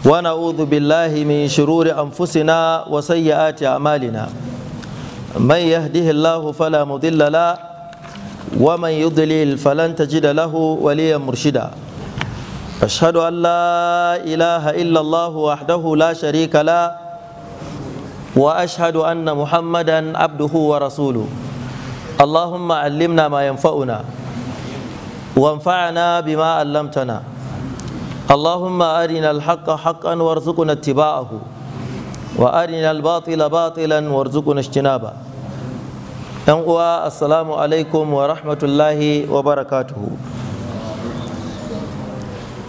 ونعوذ بالله من شرور أنفسنا وسيئات أعمالنا من يهده الله فلا مضل له ومن يضلل فلن تجد له وليا مرشدا أشهد أن لا إله إلا الله وحده لا شريك له وأشهد أن محمدا عبده ورسوله اللهم علمنا ما ينفعنا وانفعنا بما علمتنا اللهم أرنا الحق حقا وارزقنا اتباعه وأرنا الباطل باطلا وارزقنا اجتنابه ‘Yan uwa, عليكم alaikum wa rahmatullahi wa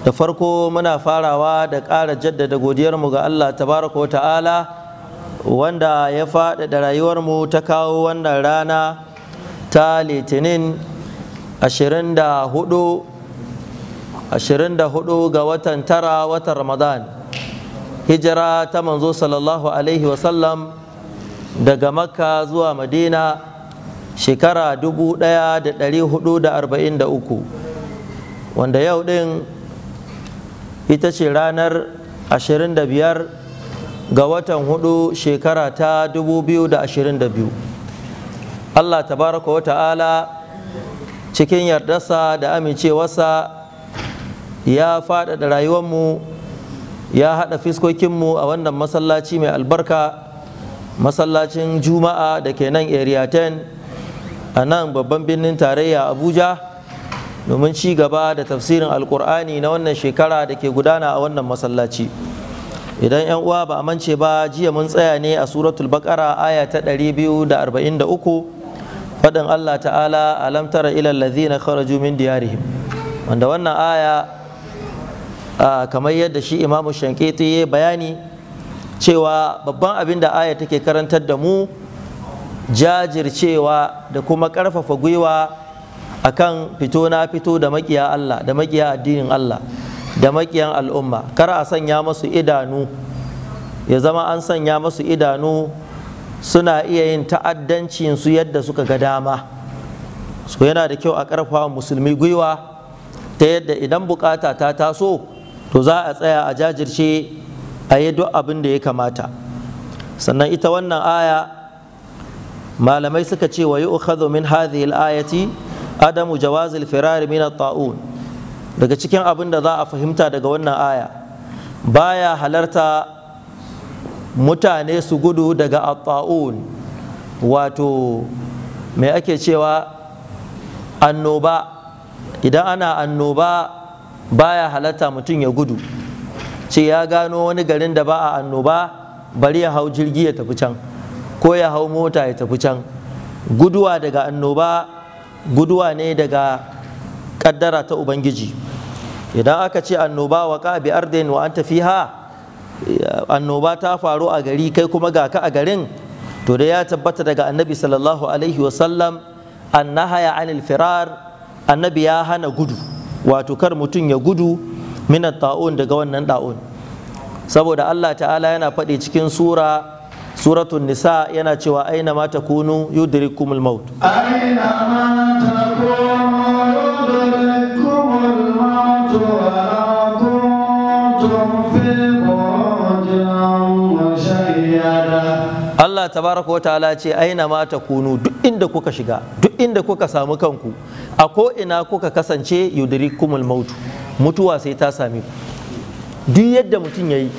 Da farko muna farawa da ƙara jaddada godiyarmu ga Allah tabaraka wa ta'ala wanda ya faɗaɗa rayuwarmu ta kawo wannan rana ta litinin 24 24 ga watan tara watan ramadan hijira ta manzo sallallahu alaihi wasallam daga makka zuwa madina shekara 1443 wanda yau din ita ce ranar 25 ga watan hudu shekara ta 2022 allah tabaraka wa ta'ala cikin yardarsa da amincewarsa ya faɗaɗa rayuwarmu ya haɗa fiskokinmu a wannan masallaci mai albarka masallacin juma'a da ke nan area 10 a nan babban birnin tarayya abuja domin ci gaba da tafsirin alkur'ani na wannan shekara da ke gudana a wannan masallaci idan 'yan uwa ba a mance ba jiya mun tsaya ne a suratul bakara aya ta 243 faɗin allah ta'ala a tara ilal ladhina kharaju min diyarihim wanda wannan aya Ah, kamar yadda shi imamu shankiti ya bayani cewa babban abin da aya take karantar da mu jajircewa da kuma karfafa gwiwa akan fito na fito da makiya Allah da makiya addinin Allah da makiyan al'umma kar a sanya masu idanu ya zama an sanya masu idanu suna iya yin ta'addancin su yadda suka ga dama so yana da kyau a karfafa musulmi gwiwa ta yadda idan bukata ta taso to za a tsaya a jajirce a yi duk abin da ya kamata sannan ita wannan aya malamai suka ce wa yu'khadhu min hadhihi al-ayati adamu jawaz al-firar min at-ta'un daga cikin abin da za a fahimta daga wannan aya baya halarta mutane su gudu daga at-ta'un wato me ake cewa annoba idan ana annoba baya halatta mutum ya gudu ce ya gano wani garin da ba a annoba bari ya hau jirgi ya tafi can ko ya hau mota ya tafi can guduwa daga annoba guduwa ne daga kaddara ta ubangiji idan aka ce annoba wa ka bi ardin wa anta fiha annoba ta faru a gari kai kuma ga ka a garin to da ya tabbata daga annabi sallallahu alaihi wasallam annahaya anil firar annabi ya hana gudu wato kar mutum ya gudu minat ta'un daga wannan da'un saboda Allah ta'ala yana faɗi cikin sura suratun nisa yana cewa aina ma takunu yudrikumul maut aina ma takunu yudrikumul maut Allah tabaraka wata'ala ce aina ma ta kunu duk inda kuka shiga duk inda kuka samu kanku a ko ina kuka kasance yudrikumul mautu mutuwa sai ta same ku duk yadda mutum yayi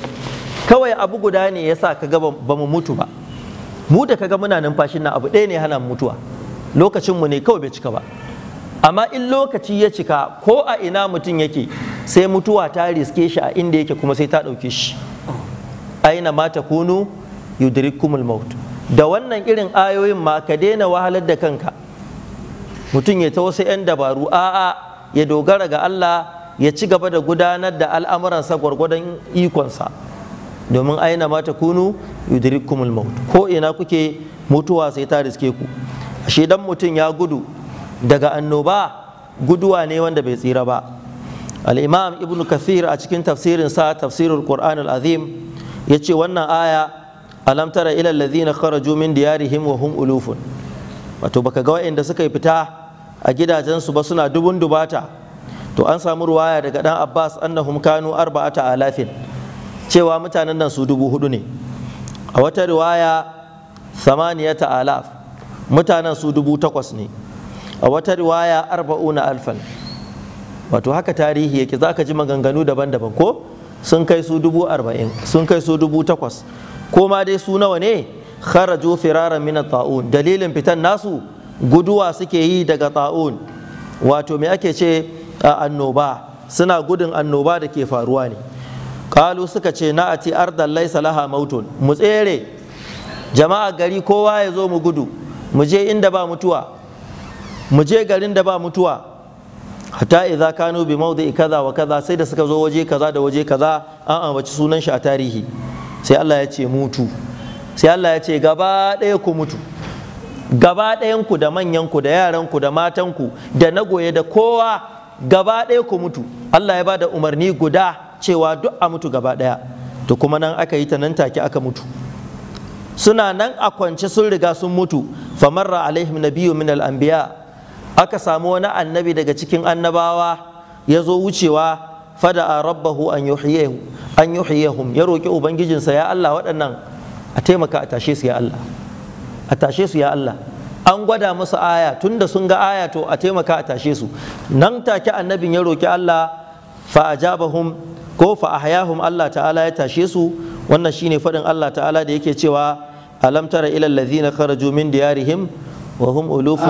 kawai abu guda ne yasa kaga ba mu mutu ba mu da kaga muna numfashin na abu ɗaya ne hana mutuwa lokacin mu ne kawai bai cika ba amma in lokaci ya cika ko a ina mutum yake sai mutuwa ta riske shi a inda yake kuma sai ta ɗauke shi aina ma ta kunu yudrikumul maut da wannan irin ayoyin ma ka daina wahalar da kanka mutum ya ta wasu 'yan dabaru a'a ya dogara ga Allah ya ci gaba da gudanar da al'amuransa gwargwadon ikonsa domin aina mata kunu yudrikumul maut ko ina kuke mutuwa sai ta riske ku ashe dan mutum ya gudu daga annoba guduwa ne wanda bai tsira ba al-imam ibnu kathir a cikin tafsirin sa tafsirul qur'an al-azim yace wannan aya alam tara ila alladhina kharaju min diyarihim wa hum ulufun wato baka ga wa'anda suka yi fita a gidajensu ba suna dubun dubata to an samu ruwaya daga dan Abbas annahum kanu arba'ata alafin cewa mutanen nan su dubu hudu ne a wata riwaya samaniyata alaf mutanen su dubu takwas ne a wata riwaya arba'una alfan wato haka tarihi yake za ka ji maganganu daban-daban ko sun kai su dubu arba'in sun kai su dubu takwas ko ma dai su nawa ne kharaju firaran min ta'un dalilin fitan nasu guduwa suke yi daga ta'un wato me ake ce A annoba suna gudun annoba da ke faruwa ne kalu suka ce na'ati ardan laysa laha mautun mu tsere jama'a gari kowa ya zo mu gudu mu je inda ba mutuwa mu je garin da ba mutuwa hatta idza kanu bi mawdi kaza wa kaza sai da suka zo waje kaza da waje kaza an ambaci sunan shi a tarihi sai Allah ya ce mutu sai Allah ya ce gaba ɗaya ku mutu gaba ɗayanku da manyanku da yaranku da matanku da na goye da kowa gaba ɗaya ku mutu Allah ya ba da umarni guda cewa duk a mutu gaba ɗaya to kuma nan aka yi ta nan take aka mutu suna nan a kwance sun riga sun mutu famarra alaihim nabiyyu min al-anbiya aka samu wani annabi daga cikin annabawa ya zo wucewa a rabbahu an yuhyihu ya roƙi ubangijinsa ya Allah waɗannan a taimaka a tashe su ya Allah a tashe su ya Allah an gwada musu aya tunda sun ga aya to a taimaka a tashe su nan take annabin ya roƙi Allah fa ajabahum ko fa ahyahum Allah ta'ala ya tashe su wannan shine faɗin Allah ta'ala da yake cewa alam tara ila allazina kharaju min diyarihim wa hum ulufun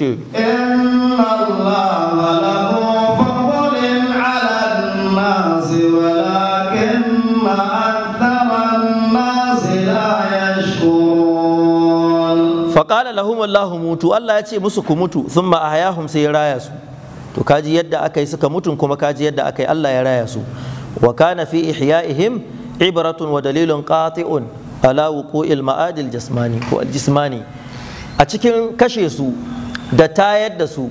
Dieu. faƙala lahum Allahu mutu Allah ya ce musu ku mutu sun ma ahayahum sai ya raya su to kaji yadda aka yi suka mutun kuma kaji yadda aka yi Allah ya raya su wa kana fi ihya'ihim ibratun wa dalilun qati'un ala wuqu'il ma'adil jasmani ko al-jismani a cikin kashe su da tayar da su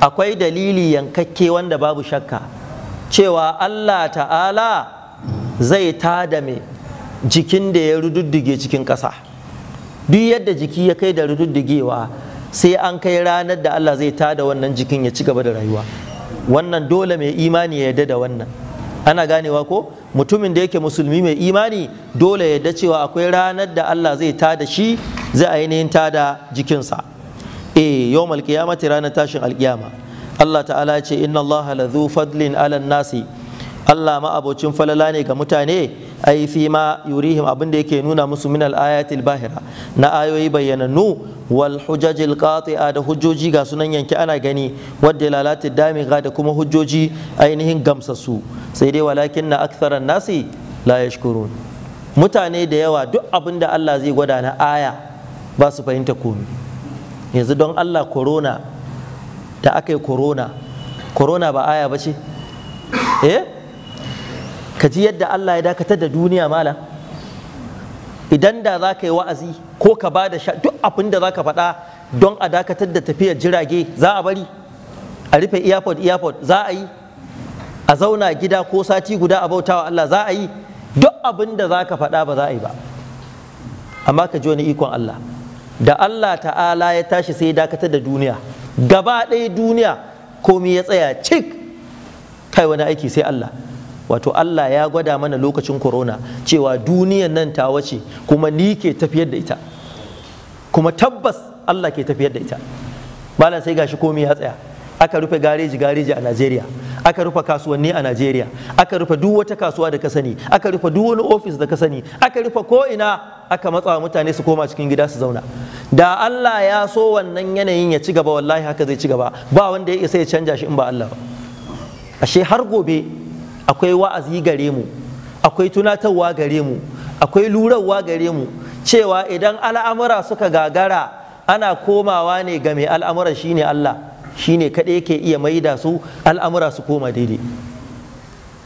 akwai dalili yankakke wanda babu shakka cewa Allah ta'ala zai tada mai jikin da ya rududdige cikin ƙasa duk yadda jiki ya kai da rududdigewa sai an kai ranar da Allah zai tada wannan jikin ya ci gaba da rayuwa wannan dole mai imani ya yarda da wannan ana ganewa ko mutumin da yake musulmi mai imani dole ya yarda cewa akwai ranar da Allah zai tada shi zai ainihin tada jikinsa eh yawmal qiyamati ranar tashin alkiyama Allah ta'ala ya ce inna Allah lazu fadlin ala nasi Allah ma abocin falala ne ga mutane ai fi ma yurihim abin da yake nuna musu min ayatil bahira na ayoyi bayyanannu wal hujajil qati'a da hujjoji ga sunan yanke ana gani wadda lalata ga da kuma hujjoji ainihin gamsasu sai dai walakin na aktharan nasi la yashkurun mutane da yawa duk abin da Allah zai gwada na aya ba su fahimta komai yanzu don allah corona da aka yi corona corona ba aya ba ce eh ka ji yadda allah ya dakatar da duniya mala idan da za ka yi wa'azi ko ka ba da duk abin da za ka faɗa don a dakatar da tafiyar jirage za a bari a rufe airport airport za a yi a zauna gida ko sati guda a bautawa allah za a yi duk abin da za ka faɗa ba za a yi ba amma ka ji wani ikon allah da Allah ta'ala ya tashi sai dakatar da duniya gaba ɗaya duniya komi ya tsaya cik kai wani aiki sai Allah wato Allah ya gwada mana lokacin corona cewa duniyan nan ta wace kuma ni ke tafiyar da ita kuma tabbas Allah ke tafiyar da ita malam sai gashi komai ya tsaya aka rufe gareji gareji a Najeriya aka rufe kasuwanni a Najeriya aka rufe duk wata kasuwa da ka sani aka rufe duk wani ofis da ka sani aka rufe ko ina aka matsa mutane su koma cikin gida su zauna da Allah ya so wannan yanayin ya ci gaba wallahi haka zai ci gaba ba wanda ya isa ya canja shi in ba Allah ba ashe har gobe akwai wa'azi gare mu akwai tunatarwa gare mu akwai lurarwa gare mu cewa idan al'amura suka gagara ana komawa ne ga mai al'amura shine Allah shine kaɗai yake iya maida su al'amura su koma daidai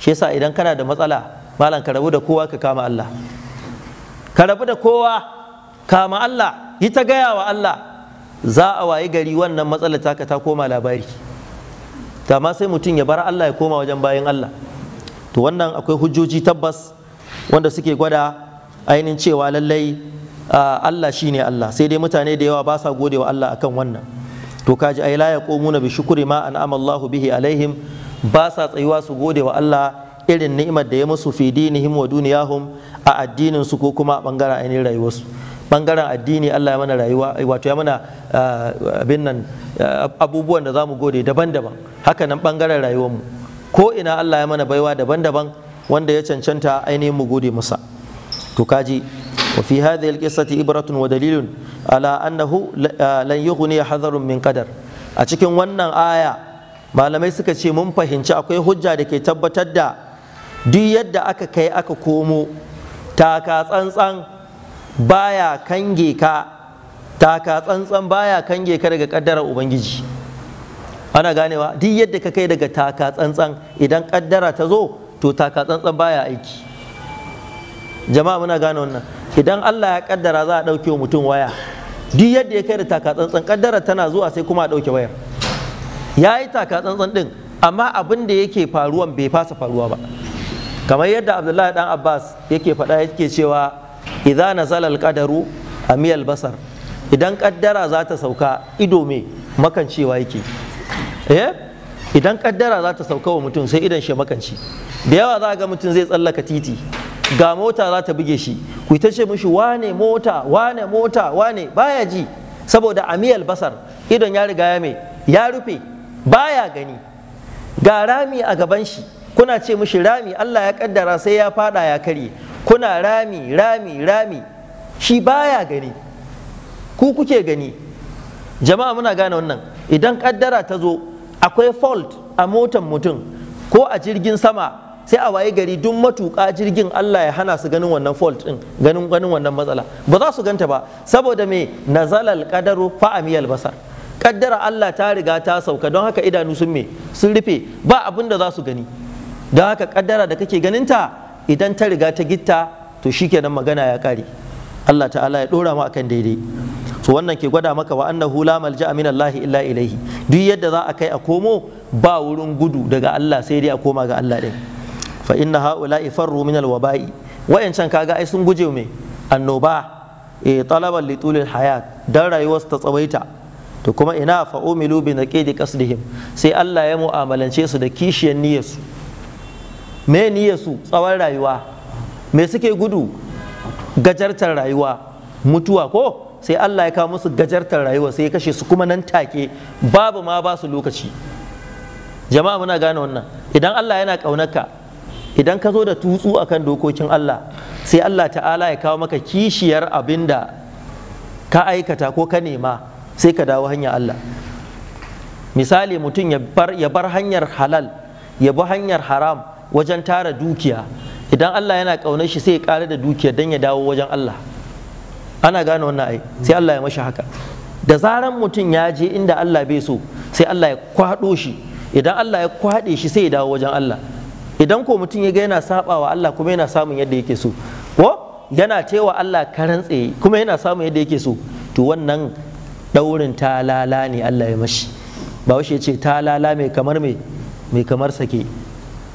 shi yasa idan kana da matsala malam ka rabu da kowa ka kama Allah ka rabu da kowa kama Allah yi ta gaya wa Allah za a wayi gari wannan matsala taka ta koma labari ta ma sai mutum ya bar Allah ya koma wajen bayan Allah to wannan akwai hujjoji tabbas wanda suke gwada ainihin cewa lallai ah, Allah shine Allah sai dai mutane da yawa ba sa gode wa Allah akan wannan to kaji ai la yaqumuna bi shukri ma an'ama Allahu bihi alaihim ba sa tsayuwa su gode wa Allah irin ni'imar da ya musu fi dinihim wa duniyahum a addinin su ko kuma bangaren ainihin rayuwarsu bangaren addini Allah ya mana rayuwa wato ya mana ah, abin nan ah, abubuwan da zamu gode daban-daban haka nan bangaren mu ko ina Allah ya mana baiwa daban-daban wanda ya cancanta ainihin mu gode masa to kaji وفي هذه القصة إبرة ودليل على أنه لن يغني حذر من قدر أتكن ونن آية ما لم يسك شيء ممفهن أكوي حجة لكي تبتد دي يد أكا كي أكا كومو تاكا تنسان بايا كنجي كا تاكا تنسان بايا كنجي كرغ قدر أبنجي ana ganewa duk yadda ka kai daga taka tsantsan idan kaddara ta zo to taka tsantsan baya aiki jama'a muna gane wannan idan Allah ya kaddara za a ɗauke mutum waya duk yadda ya kai da takatsantsan kaddara tana zuwa sai kuma a ɗauke wayar ya yi takatsantsan ɗin amma abin da yake faruwan bai fasa faruwa ba kamar yadda abdullahi dan abbas yake faɗa yake cewa idza nazala alqadaru amiyal basar idan kaddara za ta sauka ido me makancewa yake eh idan kaddara za ta sauka wa mutum sai idan shi makanci da yawa za ga mutum zai tsallaka titi ga mota za ta buge shi ku ta ce mishi wane mota wane mota wane baya ji saboda amiyal basar idon ya riga ya mai ya rufe baya gani ga rami a gaban shi kuna ce mishi rami Allah ya kaddara sai ya fada ya karye kuna rami rami rami shi baya gani ku kuke gani jama'a muna gane wannan idan kaddara ta zo akwai fault a motan mutum ko a jirgin sama sai a waye gari duk matuƙa jirgin Allah ya hana su ganin wannan fault din ganin ganin wannan matsala ba za su ganta ba saboda me nazalal qadaru fa amiyal basar kaddara Allah ta riga ta sauka don haka idanu sun me sun rufe ba abin da za su gani don haka kaddara da kake ganinta idan ta riga ta gitta to shikenan magana ya kare Allah ta'ala ya dora mu akan daidai to wannan ke gwada maka wa annahu la malja'a min Allah illa ilaihi duk yadda za a kai a komo ba wurin gudu daga Allah sai dai a koma ga Allah din fa inna haula ifarru min alwaba'i wayancan kaga ai sun guje me annoba e talaban li tulil hayat dan rayuwarsu ta tsawaita to kuma ina fa umilu bi naqidi qasdihim sai Allah ya mu'amalance su da kishiyar niyyarsu me niyyarsu tsawon rayuwa me suke gudu gajartar rayuwa mutuwa ko sai Allah ya kawo musu gajartar rayuwa sai ya kashe su kuma nan take babu ma ba su lokaci jama'a muna gane wannan idan Allah yana ƙaunarka idan ka zo da tutsu a kan dokokin Allah sai Allah ta'ala ya kawo maka kishiyar abin da ka aikata ko ka nema sai ka dawo hanyar Allah misali mutum ya bar hanyar halal ya bi hanyar haram wajen tara dukiya idan Allah yana ƙaunar shi sai ya ƙara da dukiya don ya dawo wajen Allah ana gane wannan ai sai Allah ya mashi haka da zaran mutum ya je inda Allah bai so sai Allah ya kwaɗo shi idan Allah ya kwaɗe shi sai ya dawo wajen Allah idan ko mutum ya ga yana wa Allah kuma yana samun yadda yake so ko yana cewa Allah ka tsaye kuma yana samun yadda yake so to wannan daurin lala ne Allah ya mashi ba ya ce lala mai kamar mai mai kamar sake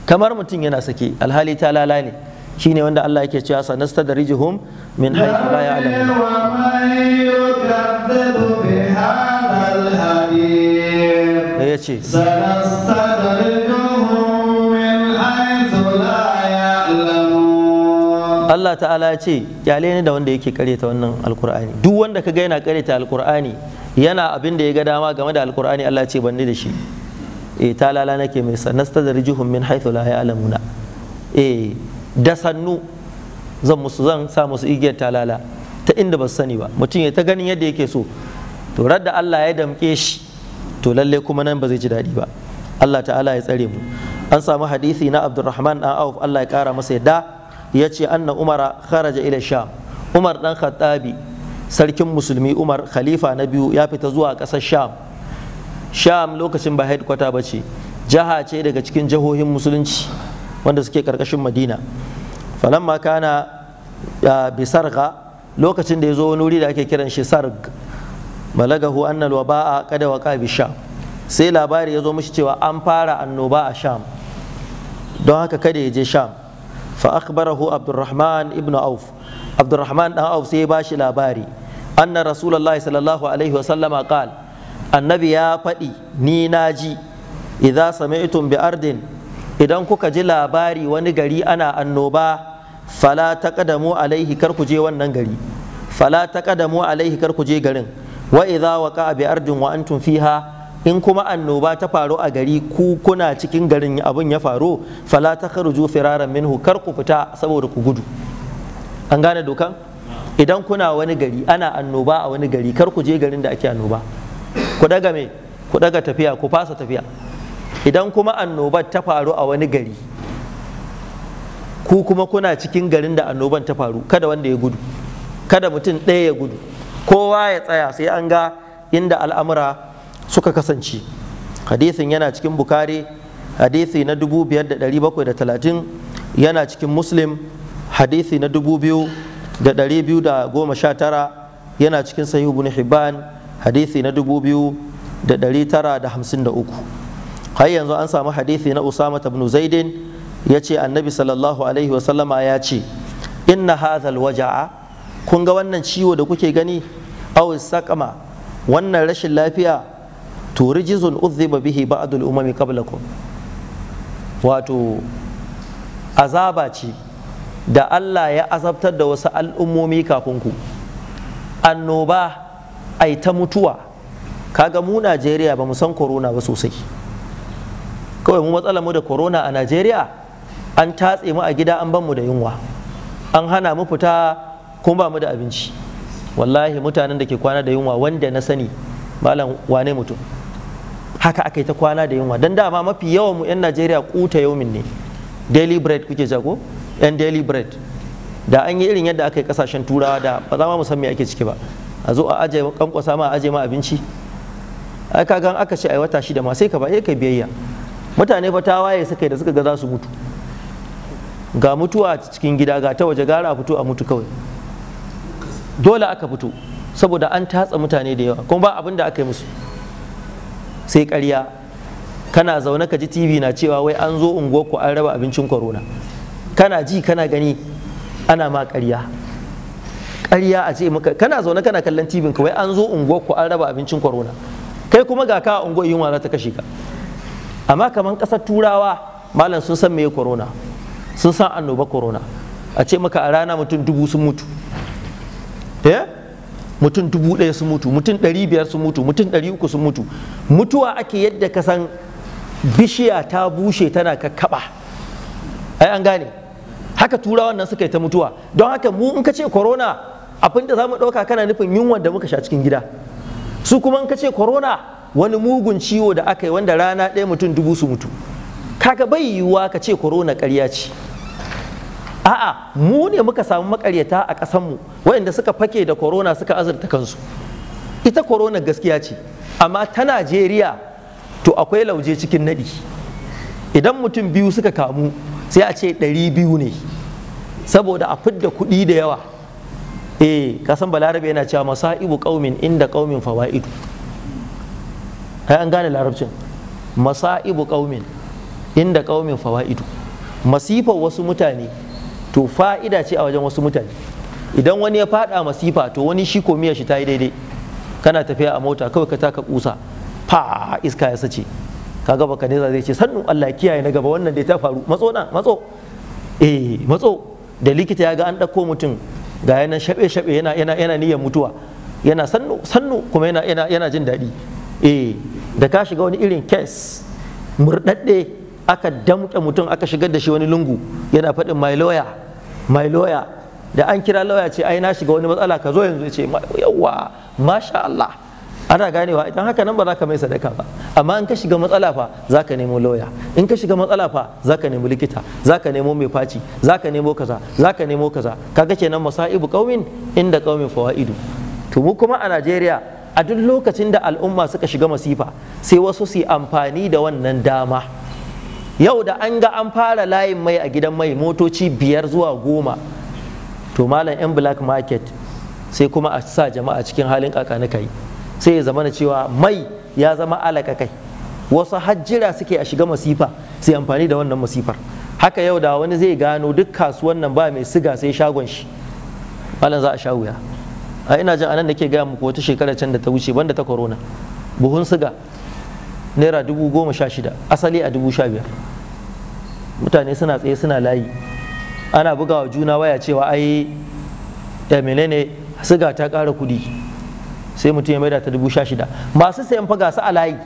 kamar mutum yana sake alhali ta lala ne shine wanda Allah yake cewa sanastadrijuhum min haythu la ya'lamun ya ce sanastadrijuhum Allah ta'ala ya ce kyale ne da wanda yake kareta wannan alkur'ani duk wanda ka ga yana kareta alkur'ani yana abin da ya ga dama game da alkur'ani Allah ya ce banni da shi eh ta lala nake mai sa nastadrijuhum min haythu la ya'lamuna eh da sannu zan musu zan sa musu igiyar talala ta inda ba su sani ba mutum ya ta ganin yadda yake so to radda Allah ya damke shi to lalle kuma nan ba zai ji daɗi ba Allah ta'ala ya tsare mu an samu hadisi na Abdulrahman dan Auf Allah ya kara masa yadda ya ce anna umara kharaja ila sham umar dan khattabi sarkin musulmi umar khalifa na biyu ya fita zuwa ƙasar sham sham lokacin ba headquarter ba ce jaha ce daga cikin jihohin musulunci wanda suke karkashin madina falamma kana bisarga lokacin da ya zo wani wuri da ake kiran shi sarg balagahu annal waba'a kada waqa bi sham sai labari ya zo mishi cewa an fara annoba a sham don haka kada ya je sham fa akhbarahu abdurrahman ibn auf abdurrahman dan auf sai ya bashi labari anna rasulullahi sallallahu alaihi wasallama qal annabi ya faɗi ni naji idza sami'tum bi ardin idan kuka ji labari wani gari ana annoba fala taqdamu alaihi kar ku je wannan gari fala taqdamu alaihi kar ku je garin wa idza waqa'a bi ardin wa antum fiha in kuma annoba ta faru a gari ku kuna cikin garin abin ya faru fala ta kharuju firaran minhu kar ku fita saboda ku gudu an gane dokan idan kuna wani gari ana annoba a wani gari kar ku je garin da ake annoba ku daga me ku daga tafiya ku fasa tafiya idan kuma annobar ta faru a wani gari ku kuma kuna cikin garin da annoban ta faru kada wanda ya gudu kada mutum ɗaya ya gudu kowa ya tsaya sai an ga inda al'amura suka kasance hadisin yana cikin bukari hadisi na 5730 yana cikin muslim hadisi na 2219 yana cikin sahihu ibn hibban hadisi na 2953 har yanzu an samu hadisi na usama ibn zaidin ya ce annabi sallallahu alaihi wasallama ya ce inna hazal waja'a kun ga wannan ciwo da kuke gani awis sakama wannan rashin lafiya to rijizun uzziba bihi ba'dul umami qablakum wato azaba ce da Allah ya azabtar da wasu al'ummomi kafin ku annoba ai ta mutuwa kaga mu Najeriya ba mu san korona ba sosai kawai mu matsalar mu da korona a Najeriya an tatse mu a gida an ban mu da yunwa an hana mu fita kuma ba mu da abinci wallahi mutanen da ke kwana da yunwa wanda na sani malam wane mutum haka aka yi ta kwana da yunwa don dama mafi yawan mu 'yan najeriya kuta yaumin ne daily bread kuke jago 'yan daily bread da an yi irin yadda aka yi kasashen turawa da ba za mu san me ake ciki ba a zo a aje kankwasa ma a aje ma abinci ai ka gan aka ce ai wata shida ma sai ka ba eh kai biyayya mutane fa waye suka da suka ga za su mutu ga mutuwa a cikin gida ga ta waje gara a fito a mutu kawai dole aka fito saboda an tatsa mutane da yawa kuma ba abin da aka yi musu sai ƙarya kana zaune ka ji tv na cewa wai an zo unguwarku an raba abincin corona kana ji kana gani ana ma ƙarya ƙarya a ce maka kana zaune kana kallon tv ka wai an zo unguwarku an raba abincin corona kai kuma ga ka unguwar yunwa za ta kashe ka amma kamar ƙasar turawa malam sun san meye corona sun san annoba corona a ce maka a rana mutum dubu sun mutu eh mutum dubu ɗaya su mutu mutum ɗari biyar su mutu mutum ɗari uku su mutu mutuwa ake yadda ka san bishiya ta bushe tana kakkaɓa ai an gane haka turawan nan suka yi ta mutuwa don haka mu in ka ce corona abinda za mu ɗauka kana nufin yunwa da muka sha cikin gida su kuma in ka ce corona wani mugun ciwo da aka yi wanda rana ɗaya mutum dubu su mutu kaga bai yiwuwa ka ce corona ƙarya ce a'a mu ne muka samu makaryata a ƙasanmu waɗanda suka fake da korona suka azurta kansu ita korona gaskiya ce amma ta najeriya to akwai lauje cikin naɗi idan mutum biyu suka kamu sai a ce ɗari biyu ne saboda a fidda kuɗi da yawa eh kasan balarabe yana cewa masa'ibu ƙaumin inda ƙaumin fawa'idu ai an gane larabcin masa'ibu ƙaumin inda ƙaumin fawa'idu masifar wasu mutane to fa'ida ce a wajen wasu mutane idan wani ya fada masifa to wani shi komiya shi ta yi daidai kana tafiya a mota kawai ka taka kusa fa iska ya sace kaga baka ne zai ce sannu Allah kiyaye na gaba wannan da ta faru matso na matso eh matso da likita ya ga an ɗauko mutum ga yana shabe shabe yana yana yana niyyar mutuwa yana sannu sannu kuma yana yana yana jin daɗi eh da ka shiga wani irin kes murɗaɗɗe aka damƙe mutum aka shigar da shi wani lungu yana faɗin my lawyer mai loya da an kira loya ce ai na shiga wani matsala ka zo yanzu ya ce yawa masha Allah ana ganewa idan haka nan ba za ka mai sadaka ba amma in ka shiga matsala fa za ka nemo lauya in ka shiga matsala fa za ka nemo likita za ka nemo mai faci za ka nemo kaza za ka nemo kaza kaga kenan masaibu qaumin inda qaumin fawaidu to mu kuma a Najeriya a duk lokacin da al'umma suka shiga masifa sai wasu su yi amfani da wannan dama yau da an ga an fara layin mai a gidan mai motoci biyar zuwa goma to malam 'yan black market sai kuma a sa jama'a cikin halin kakani kai sai ya zama na cewa mai ya zama alaka kai wasu hajjira suke a shiga masifa sai amfani da wannan masifar haka yau da wani zai gano duk kasuwan nan ba mai siga sai shagon shi malam za a sha wuya a ina jin anan da ke gaya muku wata shekara can da ta wuce banda ta corona buhun siga naira dubu goma sha shida asali a dubu sha biyar mutane suna tsaye suna layi ana buga wa juna waya cewa ai ya eh, menene siga ta ƙara kudi sai mutum ya maida ta dubu sha shida masu sayan fa su a layi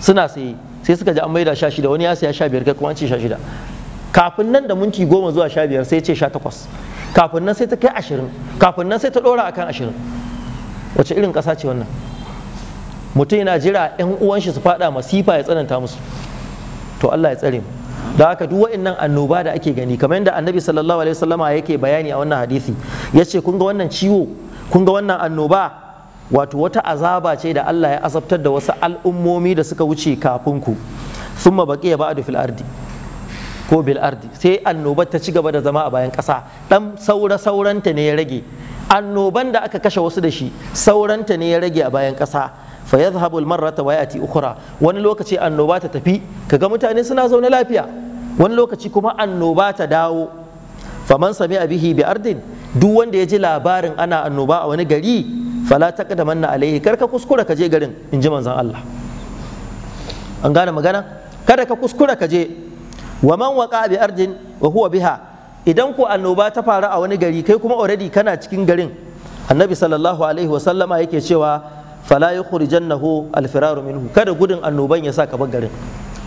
suna saye sai suka ji an maida sha shida wani ya saya sha biyar kai kuma an ce sha shida kafin nan da minti goma zuwa sha biyar sai ce sha takwas kafin nan sai ta kai ashirin kafin nan sai ta ɗora akan ashirin wace irin ƙasa ce wannan mutum yana jira yan uwan shi su fada masifa ya tsananta musu to Allah ya tsare mu da haka duk wa'annan annoba da ake gani kamar yadda annabi sallallahu alaihi wasallama yake bayani a wannan hadisi yace kun ga wannan ciwo kun ga wannan annoba wato wata azaba ce da Allah ya azabtar da wasu al'ummomi da suka wuce kafin ku thumma baqiya ba'du fil ardi ko bil ardi sai annobar ta ci gaba da zama a bayan ƙasa dan saura sauranta ne ya rage annoban da aka kashe wasu da shi sauranta ne ya rage a bayan ƙasa fa ya al-marrata wa ya'ti ukhra wani lokaci annoba ta tafi kaga mutane suna zaune lafiya wani lokaci kuma annoba ta dawo faman sami bihi bi ardin duk wanda ya ji labarin ana annoba a wani gari fala taqdamanna alaihi karka kuskura ka je garin in ji manzon Allah an gane magana kada ka kuskura ka je wa man waqa bi ardin wa huwa biha idan ku annoba ta faru a wani gari kai kuma already kana cikin garin annabi sallallahu alaihi wa sallama yake cewa fala yukhrijannahu alfiraru minhu kada gudun annoban ya sa ka bar garin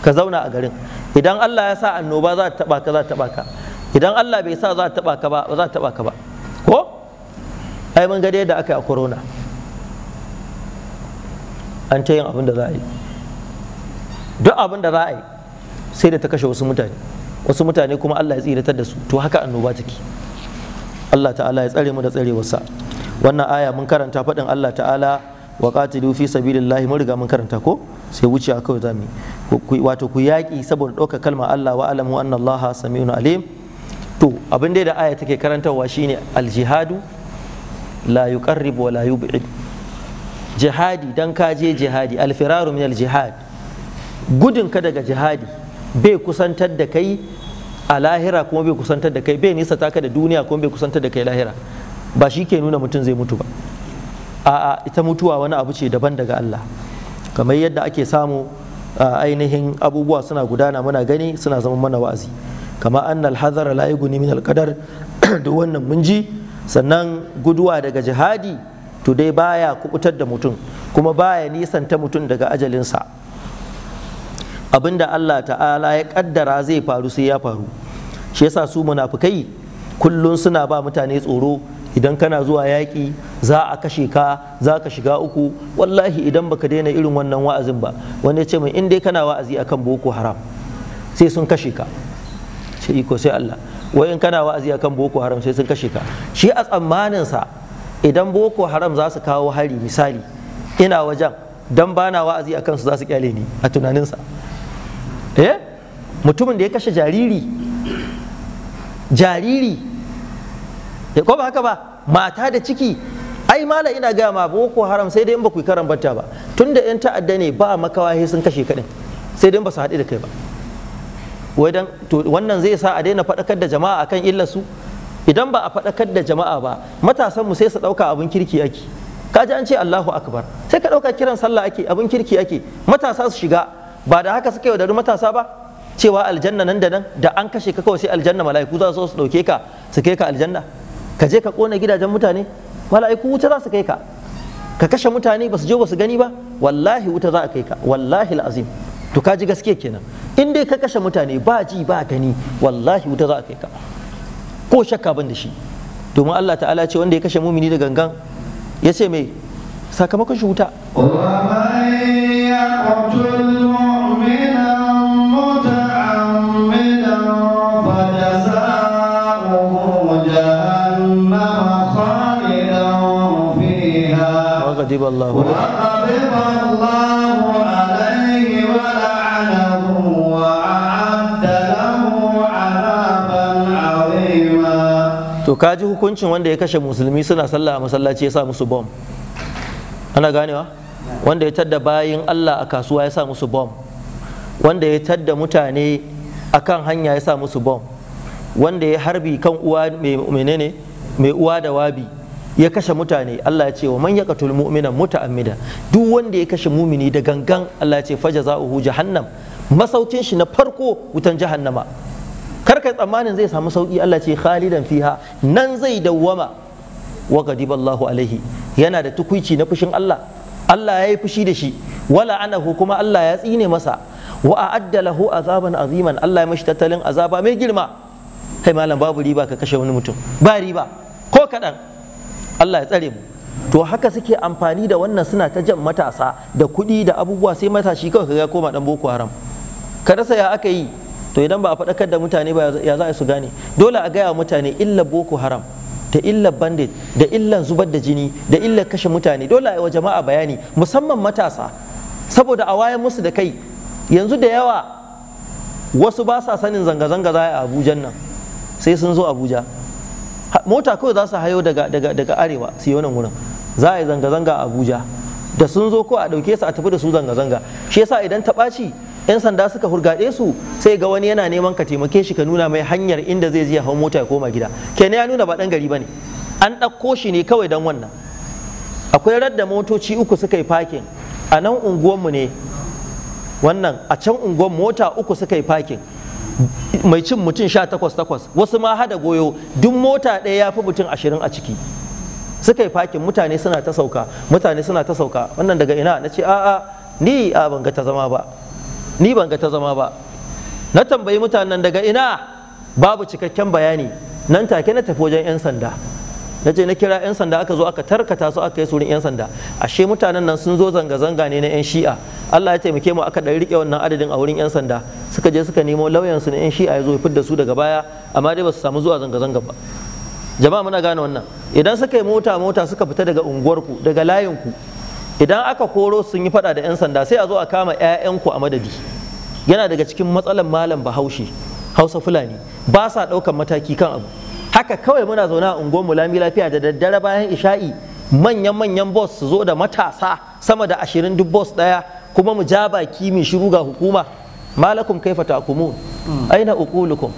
ka zauna a garin idan Allah ya sa annoba za ta taba ka za ta taba ka idan Allah bai sa za ta taba ka ba ba za ta taba ka ba ko ai mun ga da aka yi a corona an ta yin abin da za a yi duk abin da za a yi sai da ta kashe wasu mutane wasu mutane kuma Allah ya tsiratar da su to haka annoba take Allah ta'ala ya tsare mu da tsarewarsa wannan aya mun karanta faɗin Allah ta'ala wa qatilu fi sabilillahi mun riga mun karanta ko sai wuce kawai zamu wato ku yaki saboda ɗauka kalma Allah wa alamu anna Allah samiun alim to abin da aya take karantarwa shine aljihadu la yuqarrib wa la yub'id jihadi dan ka je jihadi alfiraru min aljihad gudun ka daga jihadi bai kusantar da kai a lahira kuma bai kusantar da kai bai nisa taka da duniya kuma bai kusantar da kai lahira ba shi ke nuna mutum zai mutu ba a'a ita mutuwa wani abu ce daban daga Allah kamar yadda ake samu a ainihin abubuwa suna gudana muna gani suna zama mana wa'azi kama an hazara la min alqadar da wannan mun ji sannan guduwa daga jihadi to dai baya kubutar da mutum kuma baya nisanta mutum daga ajalinsa abinda Allah ta'ala ya kaddara zai faru sai ya faru shi yasa su munafukai, kullun suna ba mutane tsoro idan kana zuwa yaƙi za a kashe ka za ka shiga uku wallahi idan baka daina irin wannan wa'azin ba wani ya ce mai in dai kana wa'azi akan boko haram sai sun kashe ka ce iko sai Allah wai kana wa'azi akan boko haram sai sun kashe ka shi a tsammanin sa idan boko haram za su kawo hari misali ina wajen dan bana wa'azi akan su za su kyale ni a tunaninsa eh mutumin da ya kashe jariri jariri ya eh, ko ba haka ba mata da ciki ai mala ina ga ma boko haram sai dai in ba ku karan batta ba tunda yan ta'adda ne ba makawa sun kashe kadin sai dai ba su haɗu da kai ba wai dan to wannan zai sa a daina faɗakar da jama'a akan illar su idan ba a faɗakar da jama'a ba matasan mu sai su ɗauka abin kirki ake kaji an ce Allahu akbar sai ka ɗauka kiran sallah ake abin kirki ake matasa su shiga ba da haka suka yaudari matasa ba cewa aljanna nan da nan da an kashe ka kawai sai aljanna mala'iku za su ɗauke ka su kai ka aljanna ka je ka kona gidajen mutane mala'iku wuta za su kai ka ka kashe mutane ba su je ba su gani ba wallahi wuta za a kai ka wallahi azim to ka ji gaskiya kenan in dai ka kashe mutane ba ji ba gani wallahi wuta za a kai ka ko shakka ban da shi domin Allah ta'ala ce wanda ya kashe mumini da gangan ya ce mai sakamakon shi wuta الله وغضب الله عليه ولعنه وأعد له عذابا to kaji hukuncin wanda ya kashe musulmi suna sallah a masallaci ya sa musu bom ana ganewa wanda ya tadda bayan Allah a kasuwa ya sa musu bom wanda ya tadda mutane a kan hanya ya sa musu bom wanda ya harbi kan uwa menene mai uwa da wabi ya kashe mutane Allah ya ce wa man yaqtul mu'mina muta'ammida duk wanda ya kashe mumini da gangan Allah ya ce fajaza'uhu jahannam masaukin shi na farko wutan jahannama kar kai tsammanin zai samu sauki Allah ce khalidan fiha nan zai dawwama wa gadiballahu alaihi yana da tukuici na fushin Allah Allah ya yi fushi da shi wala anahu kuma Allah ya tsine masa wa a'adda lahu azaban aziman Allah ya mashi tattalin azaba mai girma kai malam babu riba ka kashe wani mutum ba riba ko kaɗan Allah ya tsare mu to haka suke amfani da wannan suna ta jan matasa da kuɗi da abubuwa sai matashi kawai kaga koma dan boko haram ka rasa ya aka yi to idan ba a faɗakar da mutane ba ya za a su gane dole a gaya mutane illa boko haram da illa bandit da illan zubar da jini da illa kashe mutane dole a wa jama'a bayani musamman matasa saboda a wayan musu da kai yanzu da yawa wasu ba sa sanin zanga-zanga za a abujan nan sai sun zo abuja mota kawai za su hayo daga arewa su yi wannan wurin za a yi zanga-zanga a abuja da sun zo ko a dauke su a tafi da su zanga-zanga shi yasa idan ta ɓaci 'yan sanda suka hurgaɗe su sai ga wani yana neman ka taimake shi ka nuna mai hanyar inda zai je hau mota ya koma gida kenan ya nuna ba ɗan gari ba an ɗauko shi ne kawai don wannan akwai radda motoci uku suka yi parking a nan unguwanmu ne wannan a can unguwan mota uku suka yi fakin mai cin mutum sha takwas takwas wasu ma hada goyo duk mota ɗaya ya fi mutum ashirin a ciki suka yi fakin mutane suna ta sauka mutane suna ta sauka wannan daga ina na ce a'a ni a ban ga ta zama ba ni ban ga ta zama ba na tambayi mutanen daga ina babu cikakken bayani nan take na tafi wajen 'yan sanda na je na kira 'yan sanda aka zo aka tarkata su aka yi surin 'yan sanda ashe mutanen nan sun zo zanga-zanga ne na 'yan shi'a Allah ya taimake mu aka ɗari riƙe wannan adadin a wurin 'yan sanda suka je suka nemo lauyansu na 'yan shi'a ya zo ya fidda su daga baya amma dai ba su samu zuwa zanga-zanga ba jama'a muna gane wannan idan suka yi mota mota suka fita daga unguwarku daga layinku idan aka koro sun yi fada da 'yan sanda sai a zo a kama 'ya'yanku a madadi yana daga cikin matsalan malam bahaushe hausa fulani ba sa ɗaukan mataki kan abu haka kawai muna zaune a unguwarmu lami lafiya da daddare bayan isha'i manyan-manyan bos su zo da matasa sama da ashirin duk boss daya kuma mu ja baki mu shiru ga hukuma malakum kaifa takumun hmm. aina uqulukum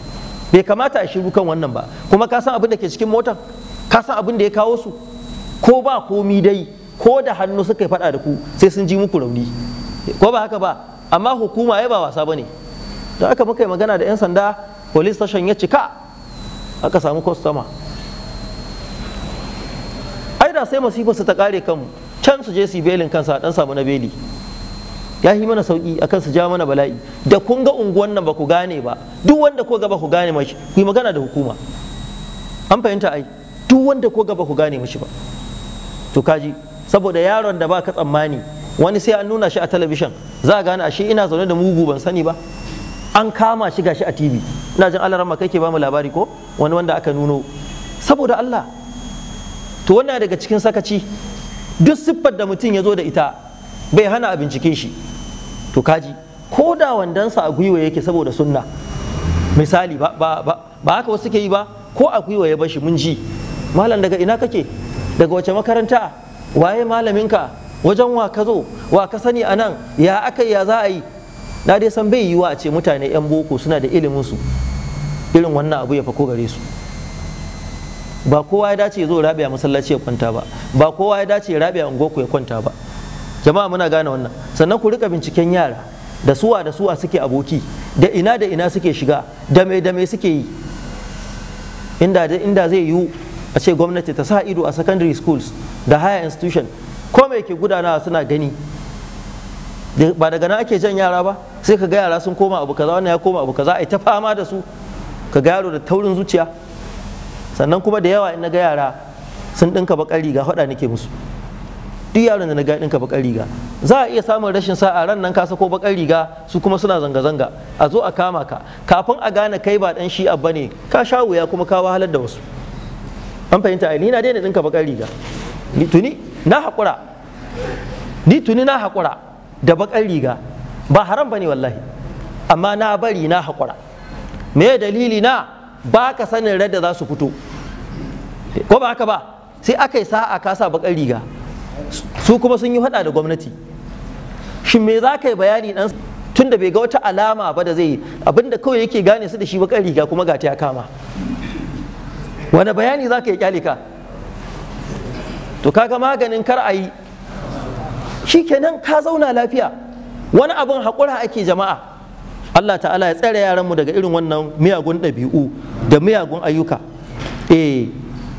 bai kamata a shiru kan wannan ba kuma ka san abin da ke cikin motar ka san abin da ya kawo su ko ba komi dai ko da hannu suka faɗa da ku sai sun ji muku rauni ko ba haka ba amma hukuma ai ba wasa bane don haka muka yi magana da 'yan sanda police station ya cika aka samu kwastama ai da sai masifarsa ta kare kanmu can su je su belin kansa dan samu na beli ya yi mana sauki akan su ja mana bala'i da kun ga unguwan nan ba ku gane ba duk wanda ko gaba ku gane mashi ku yi magana da hukuma an fahimta ai duk wanda ko gaba ku gane mashi ba to kaji saboda yaron da ba ka tsammani wani sai an nuna shi a talabishin za a gane ashe ina zaune da mugu ban sani ba an kama shi gashi a tv ina jin alarama ma kake ba mu labari ko wani wanda aka nuno saboda Allah to wannan daga cikin sakaci duk siffar da mutum ya zo da ita bai hana a bincike shi to kaji ko da wandansa a gwiwa yake saboda sunna misali ba, ba, ba, haka wasu ke yi ba ko a gwiwa ya bashi mun ji malam daga ina kake daga wace makaranta waye malaminka wajen wa ka zo wa ka sani a nan ya aka ya za a yi na dai san bai wa a ce mutane 'yan boko suna da ilimin su irin wannan abu ya fako gare su ba kowa ya dace ya zo rabiya masallaci ya kwanta ba ba kowa ya dace rabiya ungoku ya kwanta ba jama'a muna gane wannan sannan ku rika binciken yara da suwa da suwa suke aboki da ina da ina suke shiga da me da me suke yi inda inda zai yiwu a ce gwamnati ta sa ido a secondary schools da higher institution ko mai ke gudanawa suna gani ba daga nan ake jan yara ba sai ka ga yara sun koma abu kaza wannan ya koma abu kaza ai ta fama da su ka ga yaro da taurin zuciya sannan kuma da yawa in na ga yara sun ɗinka baƙar riga faɗa nake musu duk yaron da na ga ɗinka baƙar riga za a iya samun rashin sa'a ran nan ka sako baƙar riga su kuma suna zanga-zanga a zo a kama ka kafin a gane kai ba dan shi Abba ne ka sha wuya kuma ka wahalar da wasu an fahimta ai ni na daina ɗinka baƙar riga ni tuni na haƙura ni tuni na haƙura da baƙar riga ba haram bane wallahi amma na bari na haƙura me dalili na ba ka sanin radda za su fito ko ba haka ba sai aka yi sa'a ka sa bakar riga su kuma sun yi hada da gwamnati shin me za ka yi bayani dan tun da bai ga wata alama ba da zai yi? abinda kawai yake gane su da shi bakar riga kuma ga ta ya kama wani bayani za ka yi kyale ka to kaga maganin kar a yi kenan ka zauna lafiya wani abin haƙura ake jama'a Allah ta'ala ya tsare yaranmu daga irin wannan miyagun ɗabi'u da miyagun ayyuka eh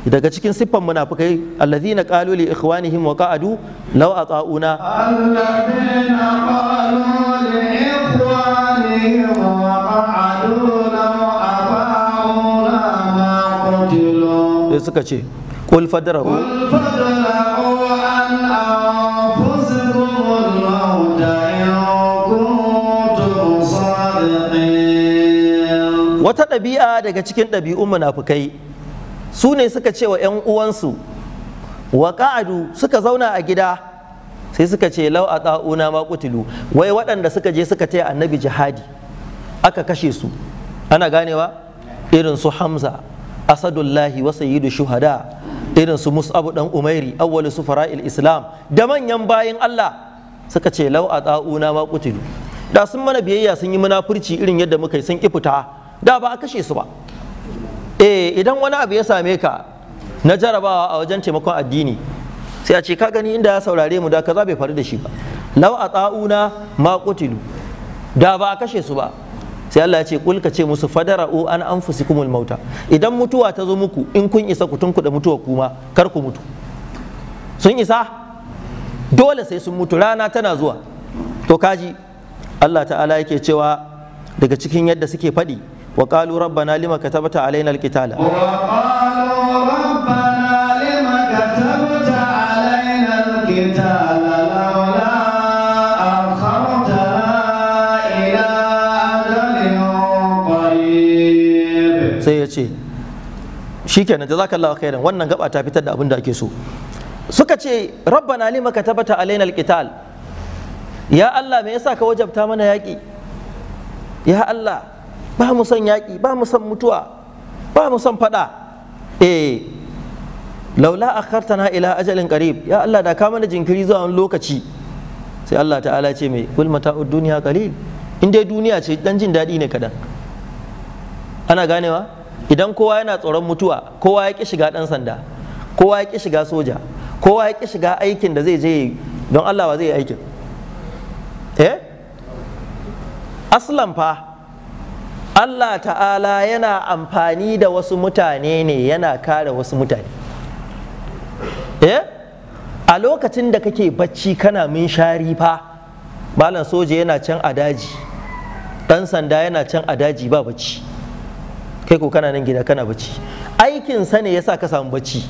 daga cikin siffan munafikai allazina qalu li ikhwanihim wa qa'adu law ata'una allazina qalu li ikhwanihim wa qa'adu law ata'una ma qutilu suka ce qul fadra'u qul fadra'u wata ɗabi'a daga cikin ɗabi'un munafukai su ne suka ce wa 'yan uwansu wa ƙa'adu suka zauna a gida sai suka ce lau a ta'una ma kutulu wai waɗanda suka je suka taya annabi jihadi aka kashe su ana ganewa irin su hamza asadullahi wa sayyidu shuhada irin su mus'abu dan umairi awwalu fara'il islam da manyan bayan Allah suka ce lau a ta'una ma kutulu da sun mana biyayya sun yi munafurci irin yadda muka yi sun ki fita da ba a kashe su ba eh idan wani abu ya same ka na jarabawa a wajen taimakon addini sai a ce ka gani inda ya saurare mu da za bai faru da shi ba law tsauna ma kutilu da ba a kashe su ba sai Allah ya ce kul ka ce musu o an anfusikumul mauta idan mutuwa ta zo muku in kun isa ku da mutuwa kuma kar ku mutu sun isa dole sai sun mutu rana tana zuwa to kaji Allah ta'ala yake cewa daga cikin yadda suke faɗi وقالوا ربنا لما كتبت علينا القتال وقالوا ربنا لما كتبت علينا القتال لولا أخرتنا إلى أجل قريب سيأتي shikenan jazakallahu khairan wannan gaba ta fitar da abin da ake so suka ce rabbana lima katabata alaina alqital ya Allah me yasa ka wajabta mana yaki ya Allah ba mu son yaƙi ba mu son mutuwa ba mu son faɗa eh laula akhartana ila ajalin qarib ya Allah da ka mana jinkiri zuwa wani lokaci sai Allah ta'ala ce mai kul mata'ud duniya qalil in dai duniya ce dan jin daɗi ne kadan ana ganewa idan kowa yana tsoron mutuwa kowa ya ki shiga ɗan sanda kowa ya ki shiga soja kowa ya ki shiga aikin da zai je don Allah wa zai yi aikin eh aslan fa Allah ta'ala yana amfani da wasu mutane ne yana kare wasu mutane eh? a lokacin da kake bacci kana min fa? malam soja yana can a daji ɗan sanda yana can a daji ba bacci kai ko kana nan gida kana bacci aikinsa ne yasa ka samu bacci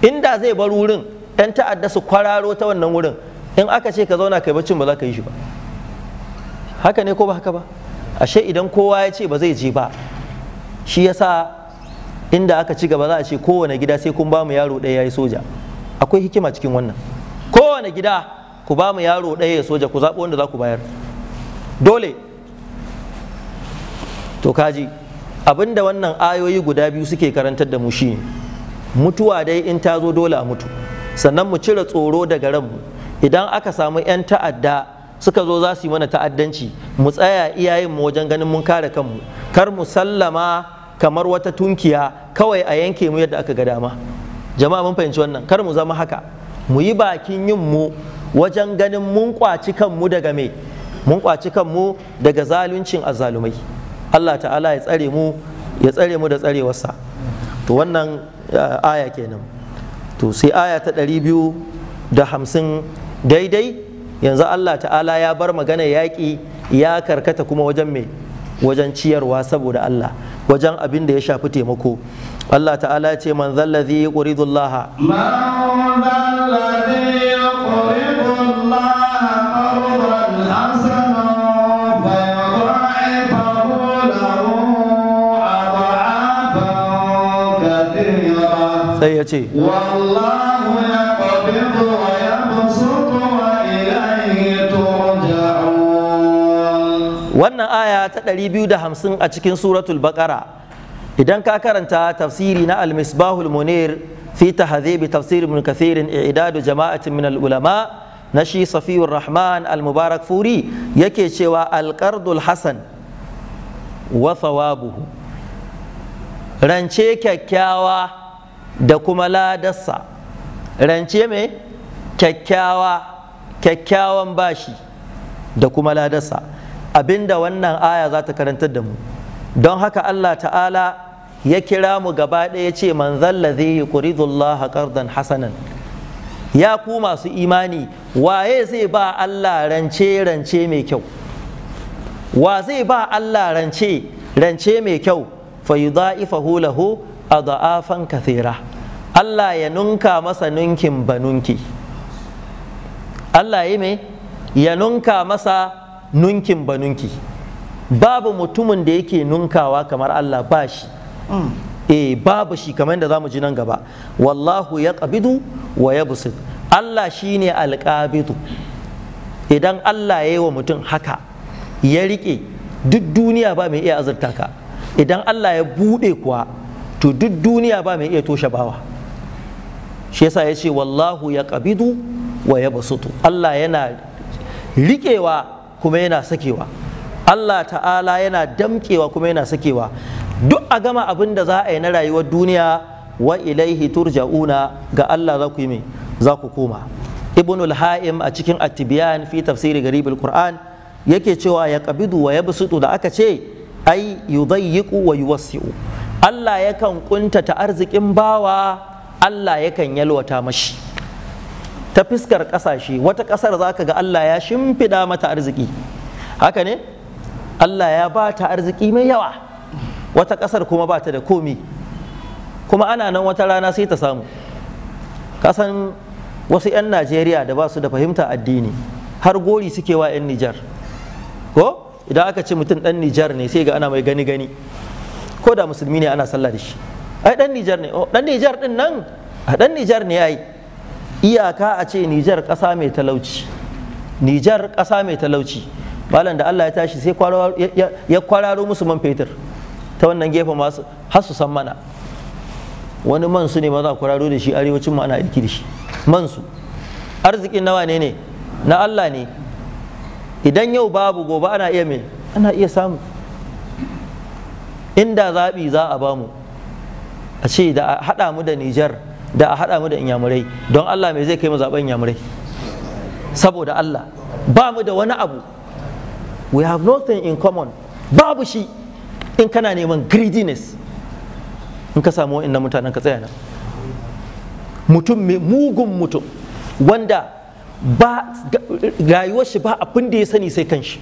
inda zai bar wurin ɗan ta'adda su kwararo ta wannan wurin in aka ce ka zauna kai baccin ba za ka yi shi ba haka ne ko ba haka ba ashe idan kowa ya ce ba zai je ba shi yasa inda aka ci gaba za a ce kowane gida sai kun ba mu yaro ɗaya ya yi soja akwai hikima cikin wannan kowane gida ku ba mu yaro ɗaya ya soja ku zaɓi wanda za ku bayar dole to kaji abinda wannan ayoyi guda biyu suke karantar da mu shi mutuwa dai in ta zo dole a mutu sannan mu cire tsoro daga ranmu idan aka samu 'yan ta'adda suka zo za su yi mana ta'addanci mu tsaya iyayen mu wajen ganin mun kare kanmu kar mu sallama kamar wata tunkiya kawai a yanke mu yadda aka ga dama jama'a mun fahimci wannan kar mu zama haka mu yi bakin yin mu wajen ganin mun kwaci kanmu daga me mun kwaci kanmu daga zaluncin azzalumai Allah ta'ala ya tsare mu ya tsare mu da tsarewarsa to wannan eh, aya kenan to sai aya ta 250 daidai yanzu Allah ta'ala ya bar magana yaƙi ya karkata kuma wajen mai wajen ciyarwa saboda Allah wajen abin da ya shafi taimako Allah ta'ala ce man zallazi ya Allah zullaha sai ya ce wallahu yaqbidu wa yabsutu wannan aya ta ɗari biyu da hamsin a cikin suratul baqara idan ka karanta tafsiri na al-misbahul munir fi tafsiri tafsir ibn kathir i'dadu jama'atin min ulama na shi safiyur rahman al-mubarak furi yake cewa alkardul Hassan hasan wa thawabuhu rance kyakkyawa da kuma ladarsa rance mai kyakkyawa kyakkyawan bashi da kuma ladarsa abinda wannan aya za ta karantar da mu don haka Allah ta'ala ya kira mu gaba ɗaya ce man zallazi yuqridullaha qardan hasanan ya ku masu imani waye zai ba Allah rance rance mai kyau wa zai ba Allah rance rance mai kyau fa yudha'ifahu lahu adha'afan kathira Allah ya nunka masa nunkin banunki Allah ya me ya nunka masa nunkin ba nunki babu mutumin da yake nunkawa kamar Allah ba shi mm. eh babu shi kamar yadda zamu ji nan gaba wallahu ya qabidu wa ya Allah shine alqabidu idan Allah ya yi wa mutum haka ya rike duk duniya ba mai iya azurta ka idan Allah ya bude kuwa to duk duniya ba mai iya toshe bawa shi yasa ya ce wallahu ya qabidu wa ya Allah yana riƙewa kuma yana sakewa Allah ta'ala yana damkewa kuma yana sakewa duk a gama abin da za a yi na rayuwar duniya wa ilaihi turja'una ga Allah za ku yi za ku koma ibn al-ha'im a cikin at-tibyan fi tafsiri garibul qur'an yake cewa ya qabidu wa yabsutu da aka ce ai yudayyiqu wa yuwassi'u Allah yakan kuntata arzikin bawa Allah yakan yalwata mashi ta fiskar ƙasashe wata ƙasar za ka ga Allah ya shimfiɗa mata arziki haka ne Allah ya ba ta arziki mai yawa wata ƙasar kuma ba ta da komi kuma ana nan wata rana sai ta samu kasan wasu 'yan Najeriya da ba su da fahimta addini har gori suke wa 'yan Nijar ko idan aka ce mutum ɗan Nijar ne sai ga ana mai gani gani ko da musulmi ne ana sallah da shi ai ɗan Nijar ne oh, ɗan Nijar ɗin nan ɗan Nijar ne ya yi iyaka a ce nijar ƙasa mai talauci nijar ƙasa mai talauci malam da allah ya tashi sai ya kwararo musu man fetur ta wannan gefen masu har su san mana wani man su ne ma za kwararo da shi arewacin ma ana aiki da shi man su arzikin nawa ne ne na allah ne idan yau babu gobe ana iya mai ana iya samu inda zaɓi za a bamu a ce da haɗa mu da nijar da a haɗa mu da inyamurai don Allah mai zai kai mu zaɓen inyamurai saboda Allah ba mu da wani abu we have nothing in common babu shi in kana neman greediness in ka samu wa'in mutanen ka tsaya nan mutum mai mugun mutum wanda ba rayuwar shi ba abin da ya sani sai kanshi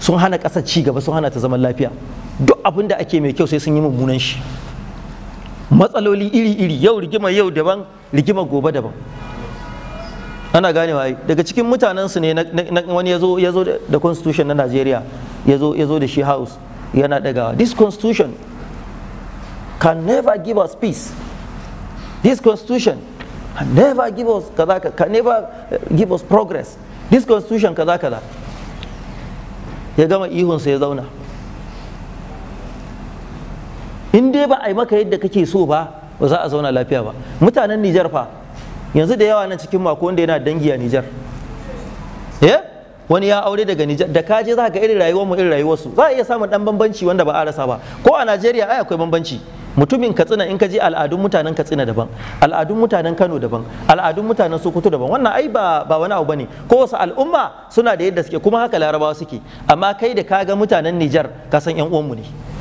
sun hana ƙasar ci gaba sun hana ta zaman lafiya duk abin da ake mai kyau sai sun yi mummunan shi matsaloli iri-iri yau rigima yau daban rigima gobe daban ana ganewa ai daga cikin mutanensu ne wani ya zo da constitution na najeriya ya zo da shi house yana daga this constitution can never give us peace this constitution can never give us kaza can never eh, give us progress this constitution kaza kaza ya gama ihunsa ya zauna in dai ba a yi maka yadda kake so ba ba za a zauna lafiya ba mutanen Nijar fa yanzu da yawa nan cikin mako wanda yana dangi a Nijar eh wani ya aure daga Nijar da ka je za ka iri rayuwar mu iri rayuwar su za a iya samun dan bambanci wanda ba a rasa ba ko a Najeriya ai akwai bambanci mutumin katsina in ka je al'adun mutanen katsina daban al'adun mutanen kano daban al'adun mutanen sokoto daban wannan ai ba ba wani abu bane ko wasu al'umma suna da yadda suke kuma haka larabawa suke amma kai da ka ga mutanen Nijar ka san yan mu ne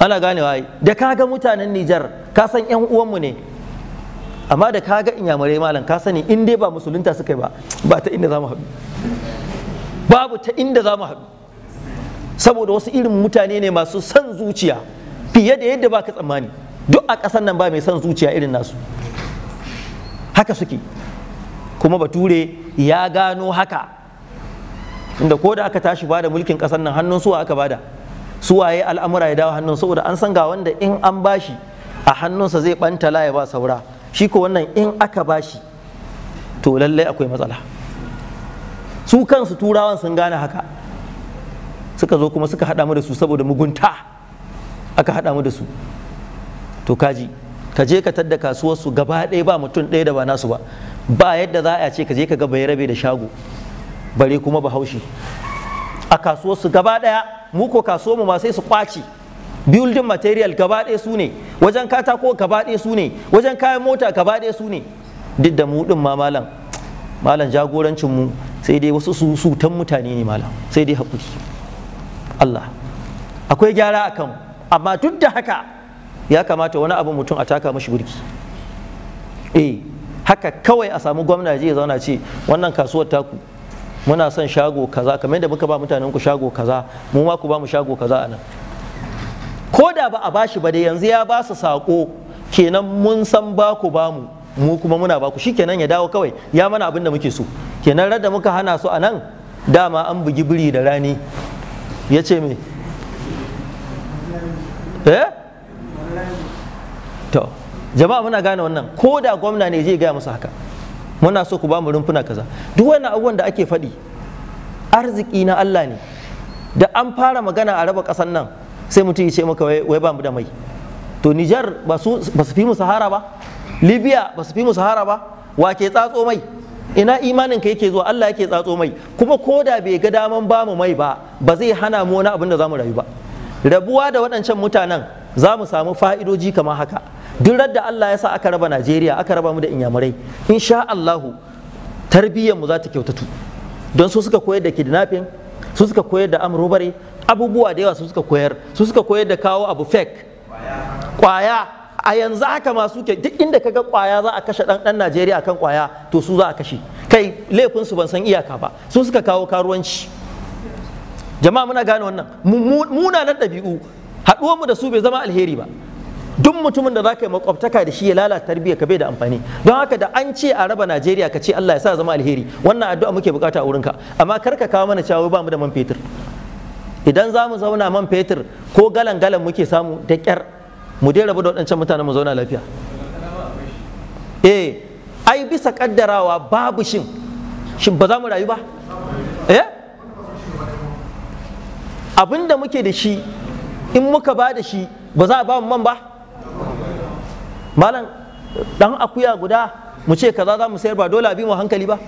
ana ganewa ai da kaga mutanen Nijar ka san ƴan uwanmu ne amma da kaga inyamurai malam ka sani in dai ba musulunta suka yi ba ba ta inda za mu haɗu babu ta inda za mu haɗu saboda wasu irin mutane ne masu son zuciya fiye da yadda baka tsammani duk a ƙasar nan ba mai son zuciya irin nasu haka suke kuma bature ya gano haka inda ko da aka tashi bada mulkin ƙasar nan hannun suwa aka bada su waye al'amura ya dawo hannun saboda an san ga wanda in an bashi a hannunsa zai banta laye ba saura shi ko wannan in aka bashi to lallai akwai matsala su kansu turawan sun gane haka suka zo kuma suka haɗa mu da su saboda mugunta aka haɗa mu da su to kaji ka je ka tadda su gaba ɗaya ba mutum ɗaya da ba nasu ba ba yadda za a ce ka je ka ga bai rabe da shago bare kuma bahaushe a kasuwarsu gaba daya mu ko mu ma sai su kwaci building material gaba daya su ne wajen katako gaba daya su ne wajen kayan mota gaba daya su ne duk da mu ɗin ma malam malam jagorancin mu sai dai wasu su tan mutane ne malam sai dai hakuri Allah akwai gyara a amma duk da haka ya kamata wani abu mutum a taka mashi burki eh haka kawai a samu gwamna ya zauna ce wannan kasuwar taku muna son shago kaza kamar yadda muka ba mutanen ku shago kaza mu ma ku ba mu shago kaza anan ko da ba a bashi ba da yanzu ya ba su sako kenan mun san ba ku ba mu mu kuma muna ba ku shikenan ya dawo kawai ya mana abin da muke so kenan da muka hana su anan dama an bugi biri da rani ya ce me eh to jama'a muna gane wannan ko da gwamna ne zai gaya musu haka muna so ku ba mu rumfuna kaza duk wani abubuwan da ake faɗi arziki na Allah ne da an fara magana a raba kasan nan sai mutum ya ce maka wai ba mu da mai to Nijar ba su fi mu sahara ba Libya ba su fi mu sahara ba wa ke tsatso mai ina imanin ka yake zuwa Allah yake tsatso mai kuma ko da bai ga daman ba mu mai ba ba zai hana mu wani abin da za mu rayu ba rabuwa da waɗancan mutanen za mu samu fa'idoji kamar haka duk da Allah ya sa aka raba Najeriya aka raba mu da inyamurai insha Allahu tarbiyyar mu za ta kyautatu don su suka koyar da kidnapping su suka koyar da amrobare abubuwa da yawa su suka koyar su suka koyar da kawo abu fake kwaya a yanzu haka masu ke duk inda kaga kwaya za a kashe ɗan dan Najeriya akan kwaya to su za a kashe kai laifinsu su ban san iyaka ba su suka kawo karuwanci jama'a muna gane wannan munanan ɗabi'u haɗuwar mu da su bai zama alheri ba duk mutumin da zaka yi makwabtaka da shi ya lalata tarbiyya ka bai da amfani don haka da an ce a raba Najeriya ka ce Allah ya sa zama alheri wannan addu'a muke bukata a wurin ka. amma kar ka kawo mana cewa ba mu da man fetur idan za mu zauna man fetur ko galan galan muke samu da kyar mu dai rabu da waɗancan mutanen mu zauna lafiya eh ai bisa kaddarawa babu shin shin ba za mu rayu ba eh abinda da muke da shi in muka ba da shi ba za a ba mu man ba malam dan akuya guda mu ce kaza za mu sayar ba dole abin mu hankali ba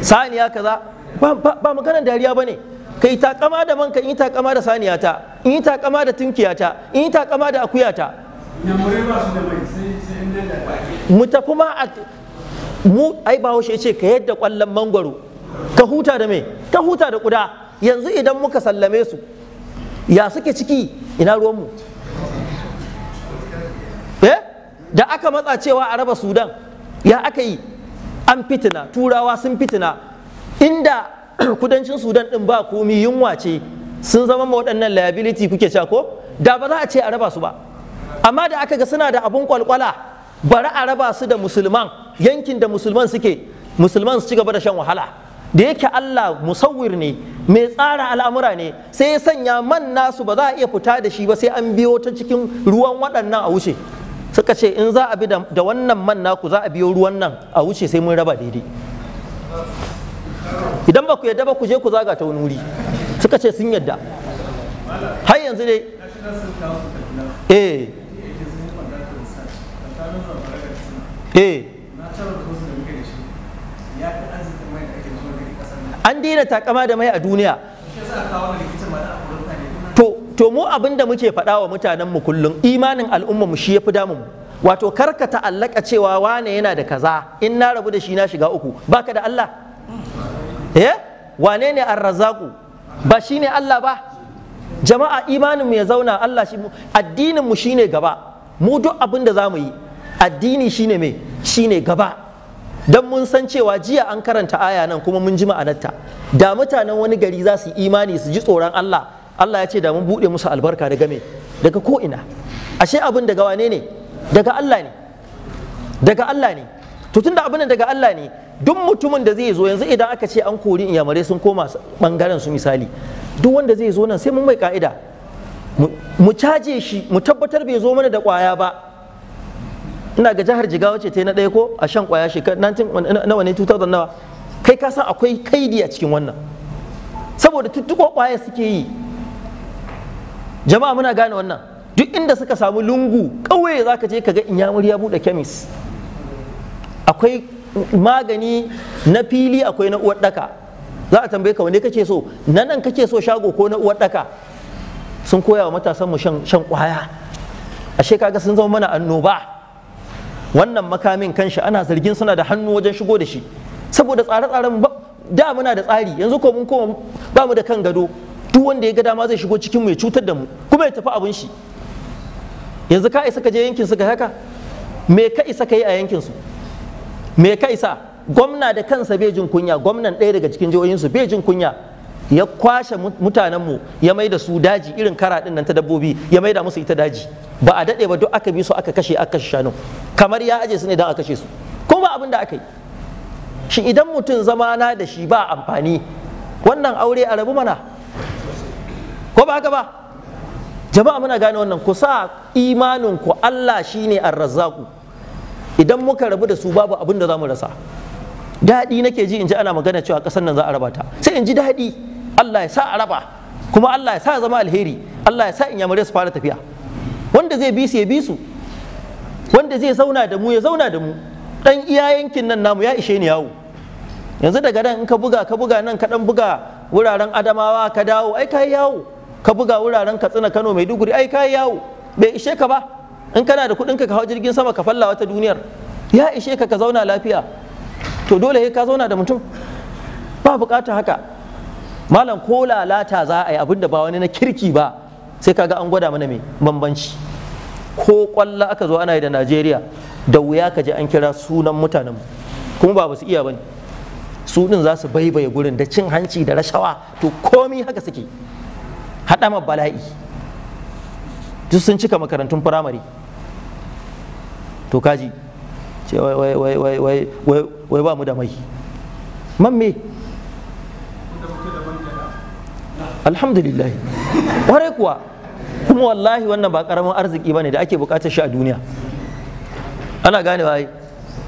saniya kaza ba maganar dariya ba ne kai ta kama da manka in ta kama da saniya ta in ta kama da tunkiya ta in ta kama da akuya ta mu tafi ma mu ai ba hoshe ce ka yadda kwallon mangwaro ka huta da me ka huta da kuda yanzu idan muka sallame su ya suke ciki ina ruwan mu Eh? da aka matsa cewa a raba sudan ya aka yi an fitina turawa sun fitina inda kudancin sudan din ba komi yunwa ce sun zama ma waɗannan liability kuke sha ko da ba za a ce a raba su ba amma da aka ga suna da abun kwalkwala bari a raba su da musulman yankin da musulman suke musulman su ci gaba da shan wahala da yake Allah musawwir ne mai tsara al'amura ne sai ya sanya man nasu ba za a iya fita da shi ba sai an biyo ta cikin ruwan waɗannan a wuce suka ce in za a bi da wannan man naku za a biyo ruwan nan a wuce sai mun raba daidai idan ba ku yadda ba ku je ku zaga ta wani wuri suka ce sun yadda har yanzu dai eh eh an daina takama da mai a duniya to mu abin da muke faɗa wa mutanenmu kullum imanin al'ummarmu shi ya fi damun wato karka ta'allaka cewa wane yana da kaza in na rabu da shi na shiga uku baka da Allah eh wane ne arrazaku ba shi ne Allah ba jama'a imaninmu ya zauna Allah shi addinin mu shine gaba mu duk abin da zamu yi addini shine me shine gaba don mun san cewa jiya an karanta aya nan kuma mun ji ma'anarta da mutanen wani gari za su imani su ji tsoron Allah Allah ya ce da mun buɗe musu albarka daga me daga ko ina ashe abin daga wane ne daga Allah ne daga Allah ne to tunda abin daga Allah ne duk mutumin da zai zo yanzu idan aka ce an kori inyamurai sun koma bangaren su misali duk wanda zai zo nan sai mun mai ka'ida mu caje shi mu tabbatar bai zo mana da kwaya ba ina ga jihar jigawa ce ta na ɗaya ko a shan kwaya shekar nawa ne 2000 nawa kai ka san akwai kaidi a cikin wannan saboda tuttuko kwaya suke yi jama'a muna gane wannan duk inda suka samu lungu ƙauye za ka je ka ga inyamur ya buɗe kemis akwai magani na fili akwai na uwar daka za a tambaye ka wanne kake so na nan kake so shago ko na uwar daka sun koya wa matasan mu shan shan kwaya ashe kaga sun zama mana annoba wannan makamin kanshi ana zargin suna da hannu wajen shigo da shi saboda tsare-tsaren da muna da tsari yanzu ko mun koma ba mu da kan gado duk wanda ya ga dama zai shigo cikin mu ya cutar da mu kuma ya tafi abin shi yanzu ka isa ka je yankin su suka haka me ka isa ka yi a yankin su me ka isa gwamna da kansa bai jin kunya gwamnan ɗaya daga cikin jihohin su bai jin kunya ya kwashe mutanen mu ya mai da su daji irin kara din nan ta dabbobi ya mai da musu ita daji ba a dade ba duk aka bi su aka kashe aka kashe shanu kamar ya aje su ne don a kashe su ko abin da aka yi shi idan mutum zama na da shi ba amfani wannan aure a rabu mana ko ba haka ba jama'a muna gane wannan ku sa imanin ku Allah shine ar-razzaqu idan muka rabu da su babu abin da zamu rasa daɗi nake ji in ji ana magana cewa ƙasar nan za a raba ta sai in ji daɗi Allah ya sa a raba kuma Allah ya sa zama alheri Allah ya sa in yamare su fara tafiya wanda zai bi su ya bi su wanda zai zauna da mu ya zauna da mu dan iya yankin nan namu ya ishe ni yawo yanzu daga nan in ka buga ka buga nan ka dan buga wuraren adamawa ka dawo ai ka yawo ka buga wuraren katsina kano mai duguri. ai ka yawo bai ishe ka ba in kana da kuɗin ka hau jirgin sama ka falla wata duniyar ya ishe ka ka zauna lafiya to dole ka zauna da mutum ba bukata haka malam ko lalata za a yi abinda ba wani na kirki ba sai kaga an gwada mana mai bambanci ko kwalla aka zo ana yi da najeriya da wuya ka ji an kira sunan mutanen kuma ba su iya bane su din za su baibaye gurin da cin hanci da rashawa to komi haka suke ma bala'i duk sun cika makarantun firamare to kaji ce wai ba mu da mai man me alhamdulillah Kwarai kuwa kuma wallahi wannan ba karamin arziki bane da ake bukatar shi a duniya ana ganewa ai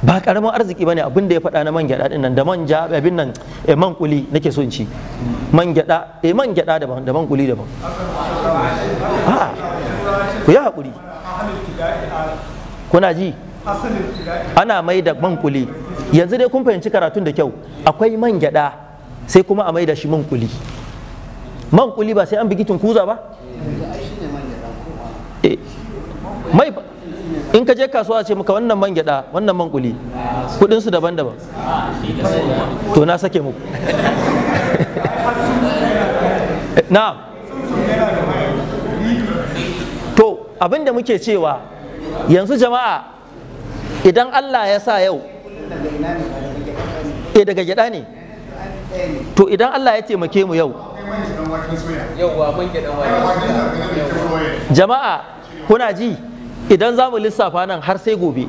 ba karamin arziki bane abin da ya faɗa na man gyaɗa din nan da ja abin nan e man kuli nake so in ci man gyaɗa e man gyaɗa daban da man kuli daban a'a ku yi hakuri kuna ji ana mai da man kuli yanzu dai kun fahimci karatun da kyau akwai man gyaɗa sai kuma a mai da shi man kuli man kuli ba sai an bigitin kuza ba eh mai in ka je kasuwa ce maka wannan man gyada wannan man kuli kudin su daban-daban to na sake muku na to abinda muke cewa yanzu jama'a idan Allah ya sa yau e daga gyada ne to idan Allah ya taimake mu yau jama'a kuna ji idan za mu lissafa nan har sai gobe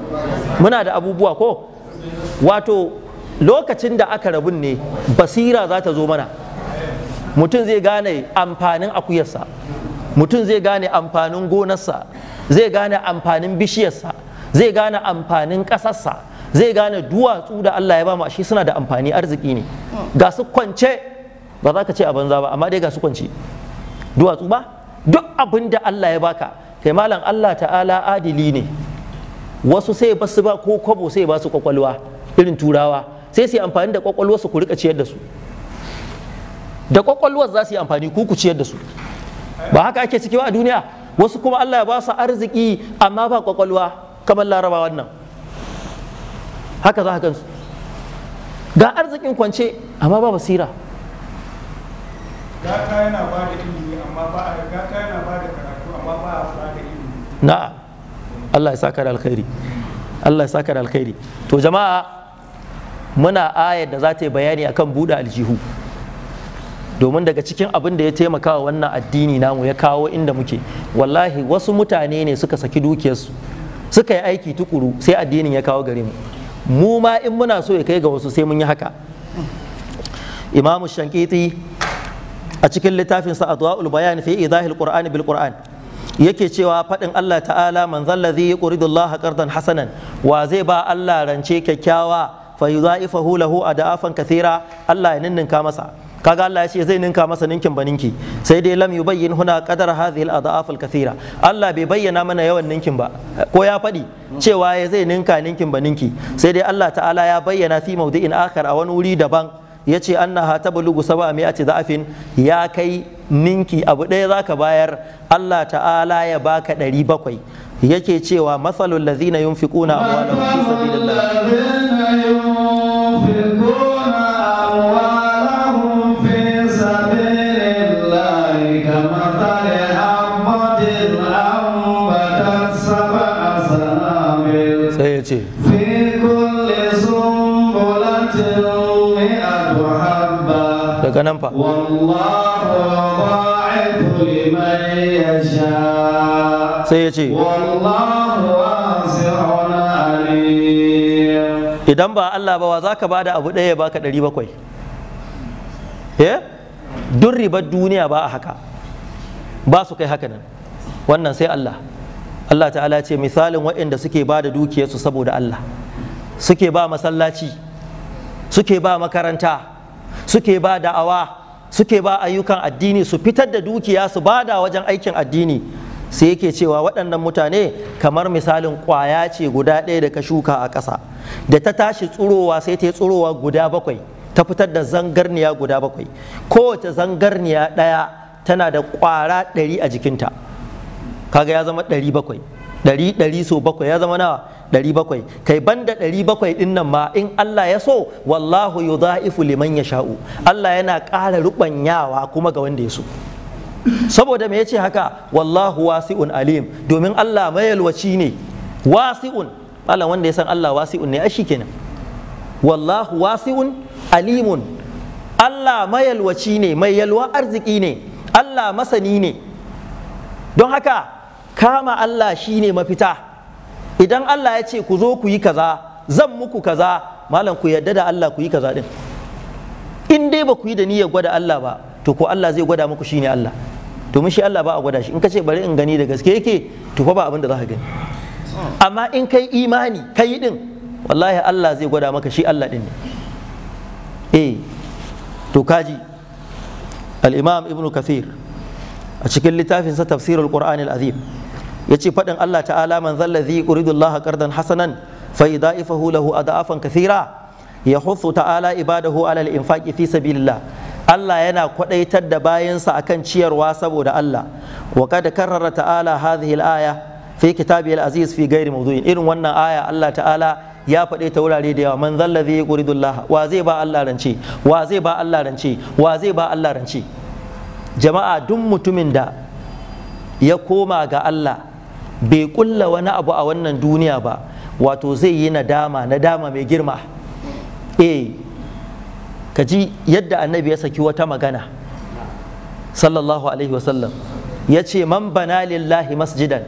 muna da abubuwa ko wato lokacin da aka rabun ne basira za ta zo mana mutum zai gane amfanin akuyarsa mutum zai gane amfanin gonarsa zai gane amfanin bishiyarsa zai gane amfanin ƙasarsa zai gane duwatsu da Allah ya ba mu shi suna da amfani arziki ne ga su kwance ba za ka ce a banza ba amma dai ga su kwance duwatsu ba duk abin da Allah ya baka kai malam Allah ta'ala adili ne wasu sai ba su ba ko kwabo sai ba su kwakwalwa irin turawa sai su yi amfani da kwakwalwar su ku rika ciyar da su da kwakwalwar za su yi amfani ku ku ciyar da su ba haka ake ciki ba a duniya wasu kuma Allah ya ba su arziki amma ba kwakwalwa kamar laraba wannan haka za ka gansu ga arzikin kwance amma ba basira yana ba da ilimi amma ba a ba da na Allah ya saka da alkhairi Allah ya saka da alkhairi to jama'a muna ayar da za ta yi bayani akan buɗe aljihu domin daga cikin abin da ya taimaka wa wannan addini namu ya kawo inda muke wallahi wasu mutane ne suka saki dukiyarsu suka yi aiki tukuru sai addinin ya kawo gare mu mu ma in muna so ya kai ga wasu sai mun yi haka imamu shankiti a cikin littafin sa adwa'ul bayan fi idahil qur'ani bil qur'an yake cewa faɗin Allah ta'ala man zallazi yuridu Allah qardan hasanan wa zai ba Allah rance kyakkyawa fa a lahu adafan kathira Allah ya ninninka masa kaga Allah ya ce zai ninka masa ninkin ninki? sai dai lam yubayyin huna qadar hadhihi al-adaf al-kathira Allah bai bayyana mana yawan ninkin ba ko ya faɗi cewa ya zai ninka ninkin baninki sai dai Allah ta'ala ya bayyana fi mawdi'in akhar a wani wuri daban ya ce an na ta bulugu saba a za'afin ya kai ninki abu ɗaya za ka bayar Allah ta'ala ya baka ɗari bakwai yake cewa matsalul lazina yunfiquna amwalahum a wani daga nan fa sai ya ce idan ba Allah ba wa za ka bada abu ɗaya baka ɗari bakwai eh? duk ribar duniya ba a haka ba su kai haka nan wannan sai Allah Allah ta'ala ce misalin waɗanda suke ba da dukiyarsu saboda Allah suke ba masallaci suke ba makaranta suke ba da'awa suke ba ayyukan addini su fitar da dukiya su bada wajen aikin addini sai yake cewa waɗannan mutane kamar misalin ƙwaya ce guda ɗaya da ka shuka a ƙasa da ta tashi tsurowa sai ta yi tsurowa guda bakwai ta fitar da zangarniya guda bakwai kowace zangarniya ɗaya tana da ƙwara ɗari a jikinta kaga ya zama ɗari bakwai ɗari ɗari so bakwai ya zama nawa ɗari bakwai kai banda ɗari bakwai ɗin nan ma in Allah ya so wallahu yudha'ifu liman ya sha'u Allah yana ƙara ruɓanyawa kuma ga wanda ya so saboda me yace haka wallahu wasi'un alim domin Allah mayalwaci ne wasi'un Allah wanda ya san Allah wasi'un ne ashi kenan wallahu wasi'un alimun Allah mayalwaci ne mai yalwa arziki ne Allah masani ne don haka kama Allah shine mafita idan Allah ya ce ku zo ku yi kaza zan muku kaza malam ku yarda da Allah ku yi kaza din in dai ba ku yi da niyyar gwada Allah ba to ko Allah zai gwada muku shine Allah mun shi Allah ba a gwada shi in ka ce bari in gani da gaske yake to fa ba abin da za ka gani amma in kai imani kai din wallahi Allah zai gwada maka shi Allah din ne eh to kaji al-imam ibnu kathir a cikin littafinsa tafsirul qur'anil azim Ya ce faɗin Allah ta'ala man zallazi yuridu Allah ƙardan hasanan fa idaifahu lahu da'afan kathira yahuthu ta'ala ibadahu ala infaki fi sabilillah Allah yana kwaɗaitar da bayansa akan ciyarwa saboda Allah wa kad karrara ta'ala hadhihi al-aya fi kitabi al-aziz fi ghairi mawdu'in irin wannan aya Allah ta'ala ya faɗe ta wurare da yawa man zallazi yuridullah wa zai ba Allah rance wa zai ba Allah rance wa zai ba Allah rance jama'a duk mutumin da ya koma ga Allah bai kulla wani abu a wannan duniya ba wato zai yi nadama nadama mai girma eh ka ji yadda annabi ya saki wata magana sallallahu alaihi wasallam ya ce man bana lillahi masjidan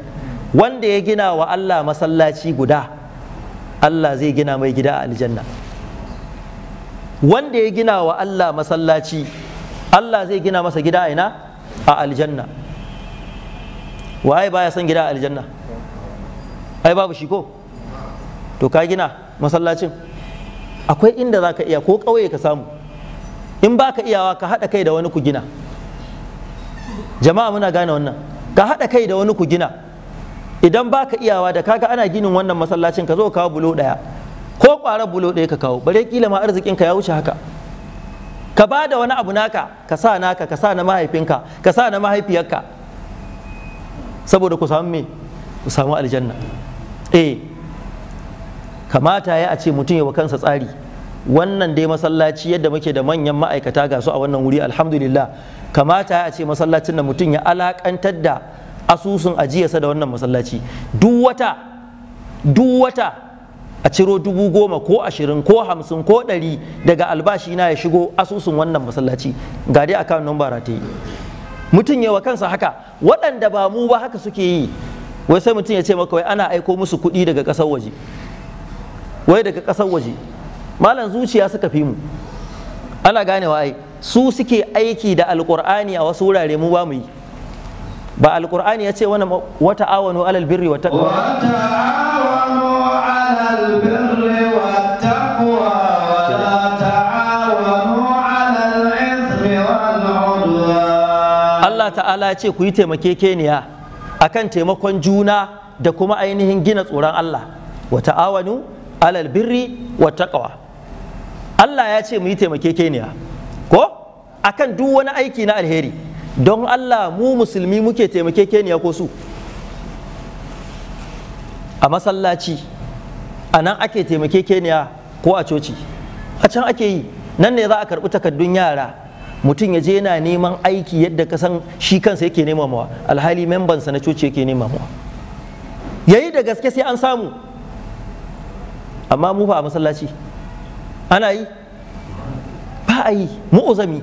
wanda ya gina wa Allah masallaci guda Allah zai gina mai gida a aljanna wanda ya gina wa Allah masallaci Allah zai gina masa gida a ina a aljanna waye baya son gida a aljanna ai babu shi ko to ka gina masallacin akwai inda za ka iya ko ƙauye ka samu in ba ka iyawa ka haɗa kai da wani ku gina jama'a muna gane wannan ka haɗa kai da wani ku gina idan baka iyawa da kaga ana ginin wannan masallacin ka zo kawo bulo ɗaya ko ƙwarar bulo ɗaya ka kawo bare kila ma arzikin ka ya wuce haka ka ba da wani abu naka ka sa naka ka sa na mahaifinka ka sa na mahaifiyarka saboda ku samu me ku samu aljanna eh kamata ya a ce mutum ya wa kansa tsari wannan dai masallaci yadda muke da manyan ma'aikata ga su a wannan wuri alhamdulillah kamata ya a ce masallacin da mutum ya alakantar da asusun ajiyarsa da wannan masallaci duk wata duk wata a ciro dubu goma ko ashirin ko hamsin ko ɗari daga albashi na ya shigo asusun wannan masallaci ga dai kawo nan yi mutum yawa kansa haka waɗanda ba mu ba haka suke yi wai sai mutum ya ce maka wai ana aiko musu kuɗi daga ƙasar waje wai daga ƙasar waje malam zuciya suka fi mu ana ganewa ai su suke aiki da alƙur'ani a wasu wurare mu ba mu yi ba alƙur'ani ya ce wani wata awanu alal birri wata ta'awanu alal Allah ta'ala ya ce ku yi taimakekeniya akan taimakon juna da kuma ainihin gina tsoron Allah wa ta'awanu alal birri wa taqwa Allah ya ce mu yi taimakekeniya ko akan duk wani aiki na alheri don Allah mu musulmi muke taimakekeniya ko su a masallaci a nan ake taimakekeniya ko a coci a can ake yi nan ne za a karɓi takardun yara mutum ya je yana neman aiki yadda ka san shi kansa yake nema mawa alhali membansa na coci yake nema mawa yayi da gaske sai an samu amma mu fa a masallaci ana yi ba a yi mu'uzami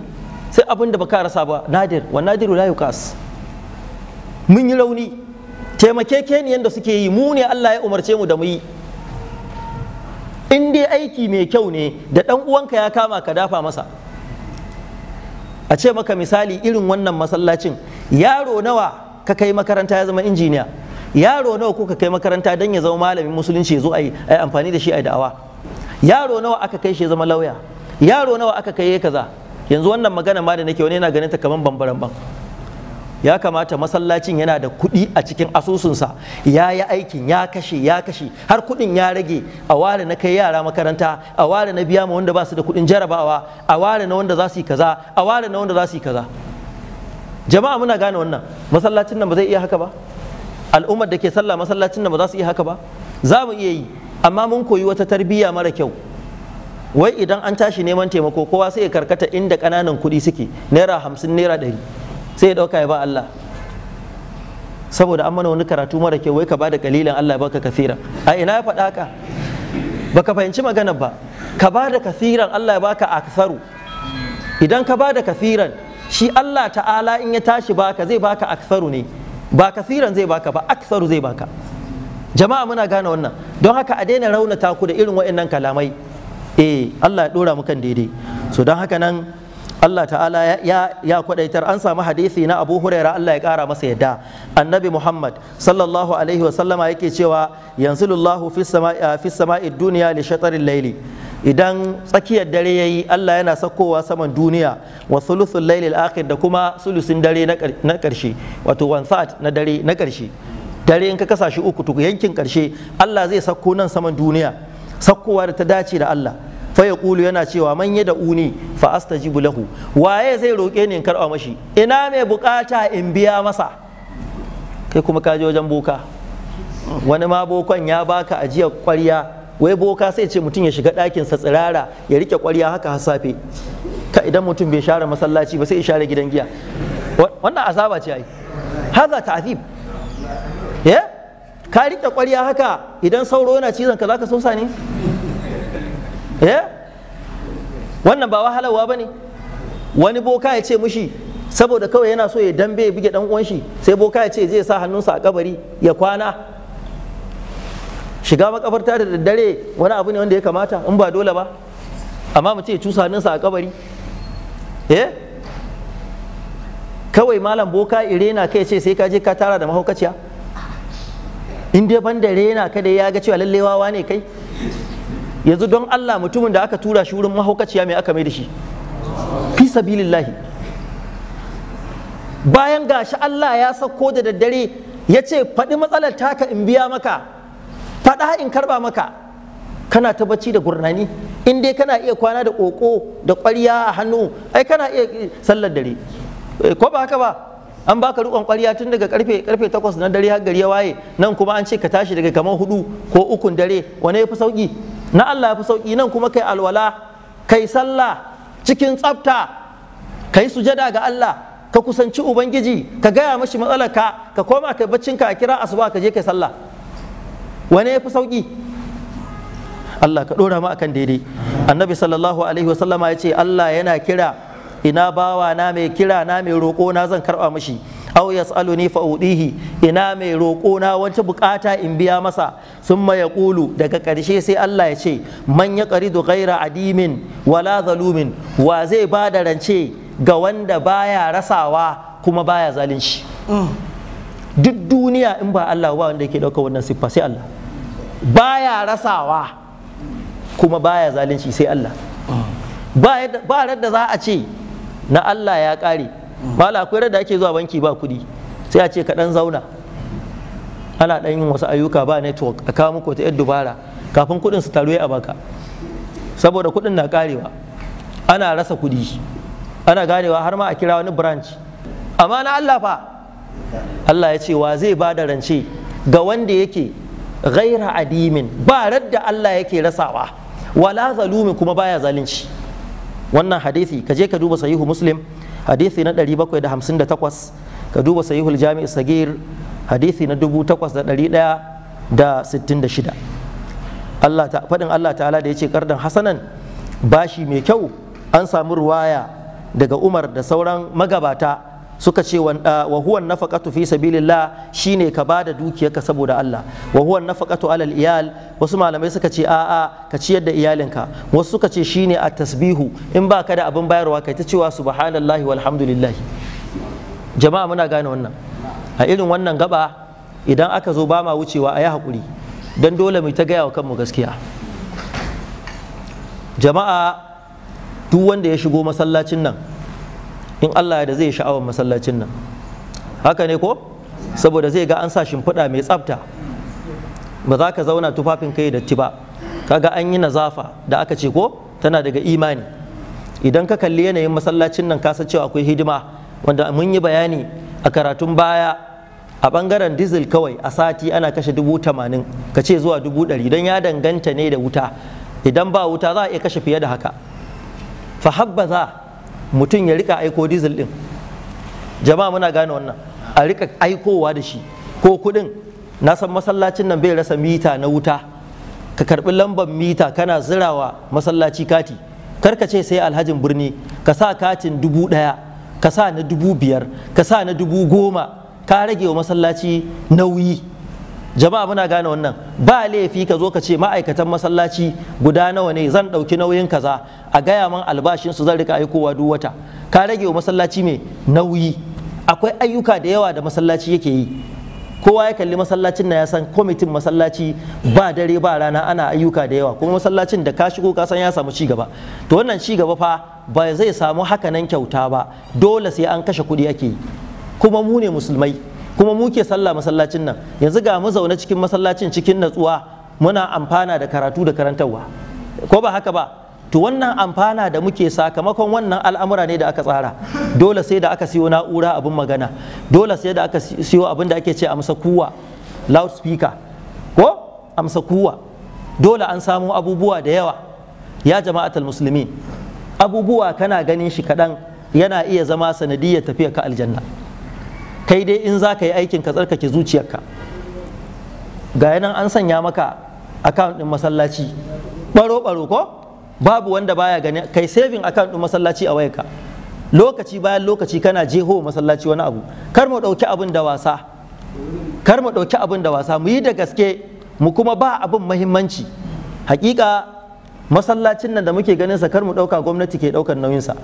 sai abin da baka rasa ba nadir wa nadiru la yukas mun yi rauni ni da suke yi mu ne Allah ya umarce mu da mu yi in dai aiki mai kyau ne da ɗan uwanka ya kama ka dafa masa a ce maka misali irin wannan masallacin yaro nawa ka kai makaranta ya zama injiniya yaro nawa kuka kai makaranta don ya zama malamin musulunci zo a yi amfani da shi a da'awa yaro nawa aka kai shi ya zama lauya yaro nawa aka kai ya kaza yanzu wannan magana ma da nake wani yana ganin ta kamar bambaran ban ya kamata masallacin yana da kuɗi a cikin asusunsa ya yi aikin ya kashe ya kashe har kuɗin ya rage a ware na kai yara makaranta a ware na biya ma wanda ba su da kuɗin jarabawa a ware na wanda za su yi kaza a ware na wanda za su yi kaza jama'a muna gane wannan masallacin nan ba zai iya haka ba al'ummar da ke sallah masallacin nan ba za su iya haka ba za mu iya yi amma mun koyi wata tarbiyya mara kyau wai idan an tashi neman taimako kowa sai ya karkata inda kananan kuɗi suke naira hamsin naira ɗari sai ya dauka ya ba Allah saboda an mana wani karatu mara kyau wai ka bada kalilan Allah baka kasiran a ina ya faɗa ka baka fahimci maganar ba ka bada kasiran Allah ya baka aksaru idan ka bada kasiran shi Allah ta'ala in ya tashi baka zai baka aksaru ne ba kasiran zai baka ba aksaru zai baka jama'a muna gane wannan don haka a daina raunata ku da irin waɗannan kalamai eh Allah ya dora mu kan daidai so don haka nan Allah ta'ala ya ya kwadaitar an samu hadisi na Abu Huraira Allah ya kara masa yadda Annabi Muhammad sallallahu alaihi wasallama yake cewa Yanzu lullahu sama'i fis sama'i dunya li idan tsakiyar dare yayi Allah yana sakkowa saman duniya wa thuluthul layli akhir da kuma sulusin dare na karshe wato one third na dare na karshe dare in ka kasa shi uku tuku yankin karshe Allah zai sako nan saman duniya sakowa da ta dace da Allah fa ya kulu yana cewa man ya da uni fa astajibu lahu waye zai roke ni in karɓa mashi ina mai bukata in biya masa kai kuma ka wajen boka wani ma bokon ya baka ajiya ƙwarya wai boka sai ce mutum ya shiga ɗakin sa tsirara ya rike ƙwarya haka har safe ka idan mutum bai share masallaci ba sai ya share gidan giya wannan azaba ce ai haza ta'zib eh ka rike ƙwarya haka idan sauro yana cizon ka zaka sosa ne eh, wannan ba wahalarwa ba ne wani boka ya ce mushi saboda kawai yana so ya dambe ya buge dan uwan shi sai boka ya ce zai sa hannunsa a kabari ya kwana shiga makabarta da daddare wani abu ne wanda ya kamata in ba dole ba amma mu ce cusa hannunsa a kabari eh kawai malam boka irena kai ce sai ka je ka tara da mahaukaciya in dai ban da rena ka ya ga cewa lalle wawa ne kai yanzu don Allah mutumin da aka tura shi wurin mahaukaciya mai aka mai da shi fi sabilillahi bayan gashi Allah ya sauko da daddare ya ce faɗi matsalar taka in biya maka faɗa in karɓa maka kana ta bacci da gurnani in dai kana iya kwana da ƙoƙo da ƙwarya a hannu ai kana iya sallar dare eh, ko ba haka ba an baka rukon ƙwarya tun daga karfe karfe 8 na dare har gari ya waye nan kuma an ce ka tashi daga kamar hudu ko ukun dare wane ya fi sauki na Allah ya fi sauki nan kuma kai alwala kai sallah cikin tsafta kai sujada ga Allah ka kusanci ubangiji ka gaya mashi matsalarka ka koma kai baccinka a kira asuba ka je kai sallah wane ya fi sauki Allah ka ɗora mu akan daidai annabi sallallahu alaihi wasallama ya ce Allah yana kira ina bawa na mai kira na mai roƙo na zan karɓa mashi aw yas'aluni fa udihi ina mai roƙo na wata bukata in biya masa summa yaqulu daga ƙarshe sai Allah ya ce man yaqridu ghaira adimin wala zalumin wa zai bada rance ga wanda baya rasawa kuma baya zalunci mm. duk duniya in ba Allah ba wanda yake ɗauka wannan siffa sai Allah baya rasawa kuma baya zalunci sai Allah mm. ba da za a ce na Allah ya ƙare mala akwai da ake zuwa banki ba kuɗi sai a ce ka ɗan zauna ana ɗan yin wasu ayyuka ba network a kawo muku wata yar dubara kafin kuɗin su taro a baka saboda kuɗin na karewa ana rasa kuɗi ana ganewa har ma a kira wani branch amma na Allah fa Allah ya ce wa zai ba da rance ga wanda yake ghaira adimin ba radda Allah yake rasawa wala zalumi kuma baya zalunci wannan hadisi kaje ka duba sahihu muslim hadisi na ɗari da 758 ka duba sahihul jami'i sagir hadisi na ɗari ɗaya 8166 Allah ta faɗin Allah ta'ala da ya ce kardan hasanan bashi mai kyau an samu ruwaya daga Umar da sauran magabata suka ce ah, wa huwan nafaqatu fi sabilillah shine ka bada dukiyarka saboda Allah wa huwan nafaqatu alal iyal wasu malamai suka ce a'a ka ciyar da iyalinka wasu suka ce shine a tasbihu in ba ka da abin bayarwa kai ta cewa subhanallahi walhamdulillah jama'a muna gane wannan a irin wannan gaba idan aka zo ba ma wucewa a yi haƙuri don dole mu ta gaya wa kanmu gaskiya jama'a duk wanda ya shigo masallacin nan in Allah da zai sha'awar masallacin nan haka ne ko saboda zai ga an sa shimfiɗa mai tsafta ba za ka zauna tufafin kai datti ba Ka ga an yi nazafa da aka ce ko tana daga imani idan ka kalli yanayin masallacin nan kasa cewa akwai hidima wanda mun yi bayani a karatun baya a bangaren dizil kawai a sati ana kashe dubu tamanin ka ce zuwa dubu ɗari don ya danganta ne da wuta idan ba wuta za a iya kashe fiye da haka fa habbaza mutum ya rika aiko diesel din jama'a muna gane wannan a rika aikowa da shi ko kudin na san masallacin nan bai rasa mita na wuta ka karbi lambar mita kana zirawa masallaci kati kar ka ce sai alhajin birni ka sa katin dubu ɗaya ka sa na dubu biyar ka sa na dubu goma ka rage wa masallaci nauyi jama'a muna gane wannan ba laifi ka zo ka ce ma'aikatan masallaci guda nawa ne zan ɗauki nauyin kaza a gaya man albashin su zan rika aikowa duk wata ka rage wa masallaci mai nauyi akwai ayyuka da yawa da masallaci yake yi kowa ya kalli masallacin na ya san kwamitin masallaci ba dare ba rana ana ayyuka da yawa kuma masallacin da ka shigo ka san ya samu ci gaba to wannan ci gaba fa ba zai samu haka nan kyauta ba dole sai an kashe kuɗi ake yi kuma mu ne musulmai kuma mu ke sallah masallacin nan yanzu ga mu zaune cikin masallacin cikin natsuwa muna amfana da karatu da karantarwa ko ba haka ba to wannan amfana da muke sakamakon wannan al'amura ne da aka tsara dole sai da aka siyo na'ura abin magana dole sai da aka siyo abin da ake ce amsa kuwa loudspeaker ko amsa kuwa dole an samu abubuwa da yawa ya jama'atul musulmi abubuwa kana ganin shi kaɗan yana iya zama sanadiyar tafiya ka aljanna kai dai in za ka yi aikin ka tsarkake zuciyarka ga yanan an sanya maka account ɗin masallaci baro baro ko babu wanda baya gani kai saving account din masallaci a wayarka lokaci bayan lokaci kana jeho masallaci wani abu kar mu ɗauki abin da wasa kar mu dauki abin da wasa mu yi da gaske mu kuma ba abin muhimmanci hakika masallacin nan da muke ganin sa kar mu ɗauka gwamnati ke daukar nauyin sa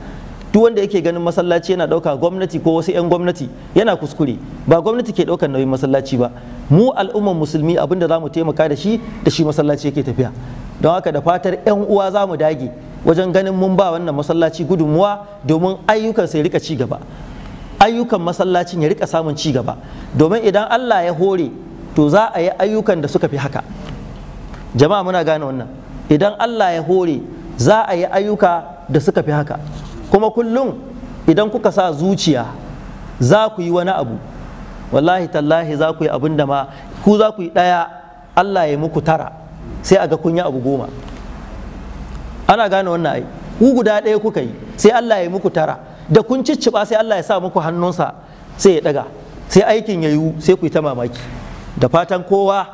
duk wanda yake ganin masallaci yana dauka gwamnati ko wasu 'yan gwamnati yana kuskure ba gwamnati ke daukar nauyin masallaci ba mu al'umman musulmi abinda za mu taimaka da shi da shi masallaci yake tafiya don haka da fatar 'yan uwa za mu dage wajen ganin mun ba wannan masallaci gudunmuwa domin ayyukan sai rika ci gaba ayyukan masallacin ya rika samun ci gaba domin idan Allah ya hore to za a yi ayyukan da suka fi haka jama'a muna gane wannan idan Allah ya hore za a yi ayyuka da suka fi haka kuma kullum idan kuka sa zuciya za ku yi wani abu wallahi tallahi za ku yi abin da ma ku za ku yi ɗaya Allah ya muku tara sai a ga kun abu goma ana gane wannan ai ku guda ɗaya kuka yi sai Allah ya muku tara da kun cicciba sai Allah ya sa muku hannunsa sai ya ɗaga. sai aikin ya yiwu sai ku yi ta mamaki da fatan kowa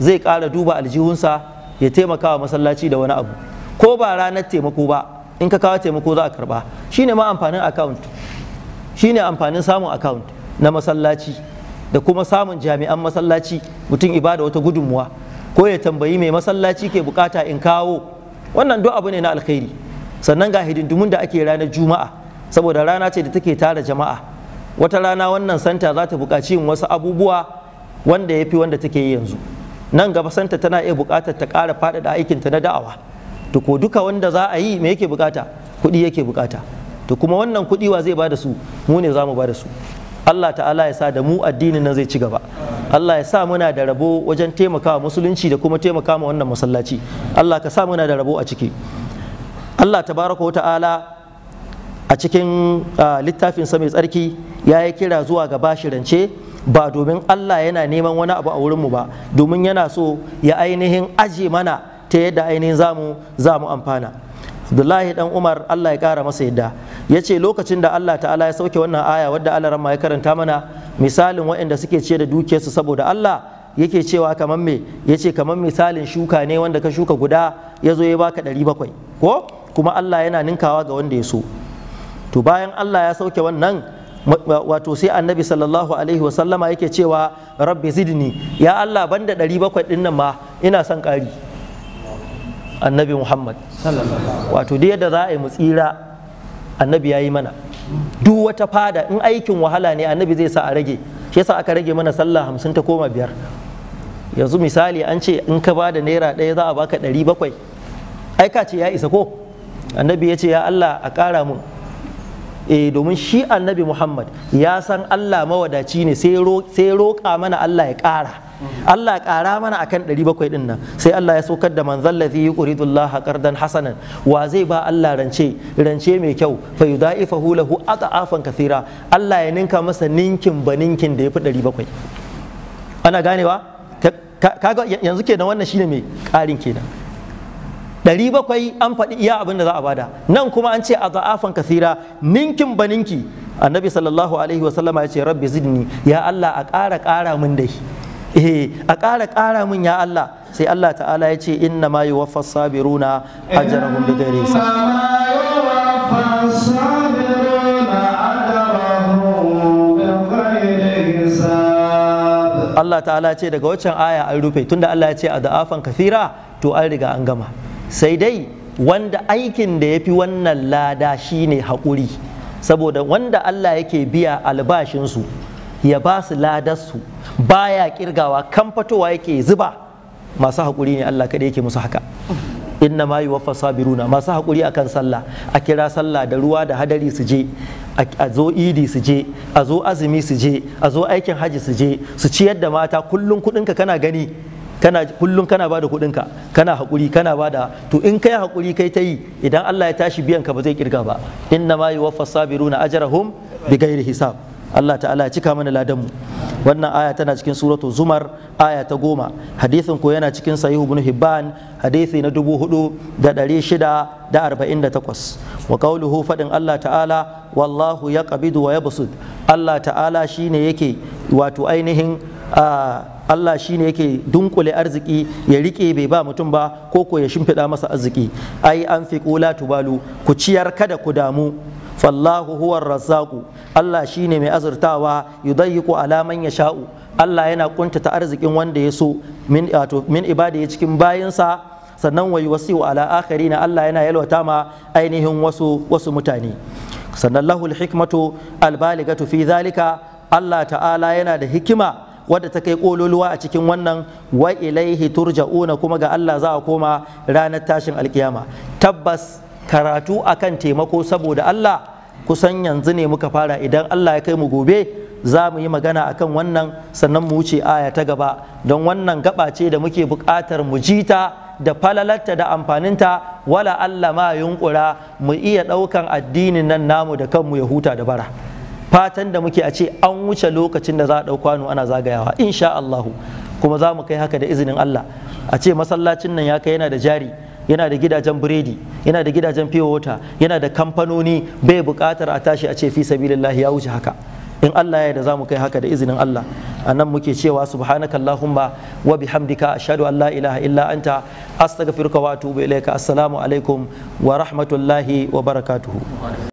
zai ƙara duba aljihunsa ya taimaka wa masallaci da wani abu ko ba ranar taimako ba in ka kawo taimako za a karba shine ma amfanin account shine amfanin samun account na masallaci da kuma samun jami'an masallaci mutum ibada wata gudunmuwa ko ya tambayi mai masallaci ke bukata in kawo wannan duk abu ne na alkhairi sannan ga hidindimun da ake ranar juma'a saboda rana ce da take tara jama'a wata rana wannan santa za ta buƙaci yin wasu abubuwa wanda ya fi wanda take yi yanzu nan gaba santa tana iya bukatar ta ƙara faɗaɗa aikinta na da'awa to ko duka wanda za a yi me yake buƙata kuɗi yake buƙata to kuma wannan kuɗi wa zai ba da su mu ne za mu ba da su Allah ta'ala ya sa da mu addinin nan zai ci gaba Allah ya sa muna da rabo wajen taimakawa musulunci da kuma taimakawa wannan masallaci Allah ka sa muna da rabo a ciki Allah tabaraka wa ta'ala a cikin littafin sa mai tsarki ya yi kira zuwa ga bashirance ba domin Allah yana neman wani abu a wurinmu ba domin yana so ya ainihin aje mana ta yadda ainihin zamu zamu amfana Abdullahi dan Umar Allah ya kara masa yadda ya ce lokacin da Allah ta'ala ya sauke wannan aya wadda Allah ramma ya karanta mana misalin waɗanda suke ce da dukiyarsu saboda Allah yake cewa kamar me ya ce kamar misalin shuka ne wanda ka shuka guda ya zo ya baka ɗari bakwai ko kuma Allah yana ninkawa ga wanda ya so to bayan Allah ya sauke wannan wato sai annabi sallallahu alaihi wasallama yake cewa rabbi zidni ya Allah banda ɗari bakwai ɗin nan ma ina son ƙari annabi muhammad wato da yadda za a yi mu tsira annabi ya yi mana duk wata fada in aikin wahala ne annabi zai sa a rage shi yasa aka rage mana sallah hamsin ta koma biyar yanzu misali an ce in ka bada naira ɗaya za a baka ɗari bakwai ai ka ce ya isa ko annabi ya ce ya Allah a ƙara mun eh domin shi annabi Muhammad ya san Allah mawadaci ne sai roƙa mana Allah ya ƙara Allah ƙara mana akan 700 din nan sai Allah ya saukar da man zallazi yuridu Allah qardan hasanan wa zai ba Allah rance rance mai kyau fa yudaifahu lahu ata'afan kathira Allah ya ninka masa ninkin ba ninkin da yafi 700 ana ganewa kaga yanzu kenan wannan shine mai ƙarin kenan ɗari bakwai an faɗi iya abin da za a bada nan kuma an ce a za'afan kasira ninkin ba ninki annabi sallallahu alaihi wasallama ya ce rabbi zidni ya allah a ƙara ƙara min dai eh a ƙara ƙara min ya Allah sai Allah ta'ala ya ce inna ma yuwaffas sabiruna da bighairi hisab Allah ta'ala ce daga waccan aya an rufe tunda Allah ya ce a da'afan kafira to an riga an gama sai dai wanda aikin da ya fi wannan lada shine haƙuri saboda wanda Allah yake biya albashinsu ya ba su ladarsu baya kirgawa kan fatowa yake zuba masu haƙuri ne Allah kaɗai yake musu haka inna ma wafa sabiruna masu haƙuri akan sallah a kira sallah da ruwa da hadari su je a zo idi su je a zo azumi su je a zo aikin haji su je su ciyar da mata kullum kuɗinka kana gani kullum kana bada kuɗinka kana haƙuri kana bada to in kai haƙuri kai ta yi idan Allah ya tashi biyan ka ba zai kirga ba inna ma wafa sabiruna ajrahum bighairi hisab Allah ta'ala ya cika mana ladanmu wannan aya tana cikin suratu zumar aya ta goma hadisin ko yana cikin sahihu ibn hibban hadisi na dubu hudu da dari shida da arba'in da takwas wa qauluhu fadin Allah ta'ala wallahu ya qabidu wa yabsud Allah ta'ala shine yake wato ainihin Allah shine yake dunkule arziki ya rike bai ba mutum ba ko ko ya shimfiɗa masa arziki ai an fi la tubalu ku ciyar kada ku damu fallahu huwar razzaqu Allah shine mai azurtawa yudayyiqu ala man yasha'u Allah yana kuntata arzikin wanda ya so min wato min ibadihi cikin bayinsa sannan wa yuwasi'u ala akharina Allah yana yalwata ma ainihin wasu wasu mutane sannan lahul hikmatu albaligatu fi zalika Allah ta'ala yana da hikima wadda ta kai kololuwa a cikin wannan wa ilaihi turja'una kuma ga Allah za a koma ranar tashin alkiyama tabbas karatu akan taimako saboda Allah kusan yanzu ne muka fara idan Allah ya kai mu gobe za mu yi magana akan wannan sannan mu wuce aya ta gaba don wannan gaba ce da muke buƙatar mu ta da falalarta da amfaninta wala Allah ma yunkura mu iya ɗaukan addinin nan namu da kanmu ya huta da bara fatan da muke a ce an wuce lokacin da za a ɗau nu ana zagayawa insha Allahu kuma za mu kai haka da izinin Allah a ce masallacin nan ya kai yana da jari yana da gidajen biredi yana da gidajen fiye yana da kamfanoni bai buƙatar a tashi a ce fi sabilillah ya wuce haka in Allah ya yi da za mu kai haka da izinin Allah a nan muke cewa subhanaka allahumma wa bihamdika ashhadu an la ilaha illa anta astaghfiruka wa atubu ilaika assalamu alaikum wa rahmatullahi wa barakatuhu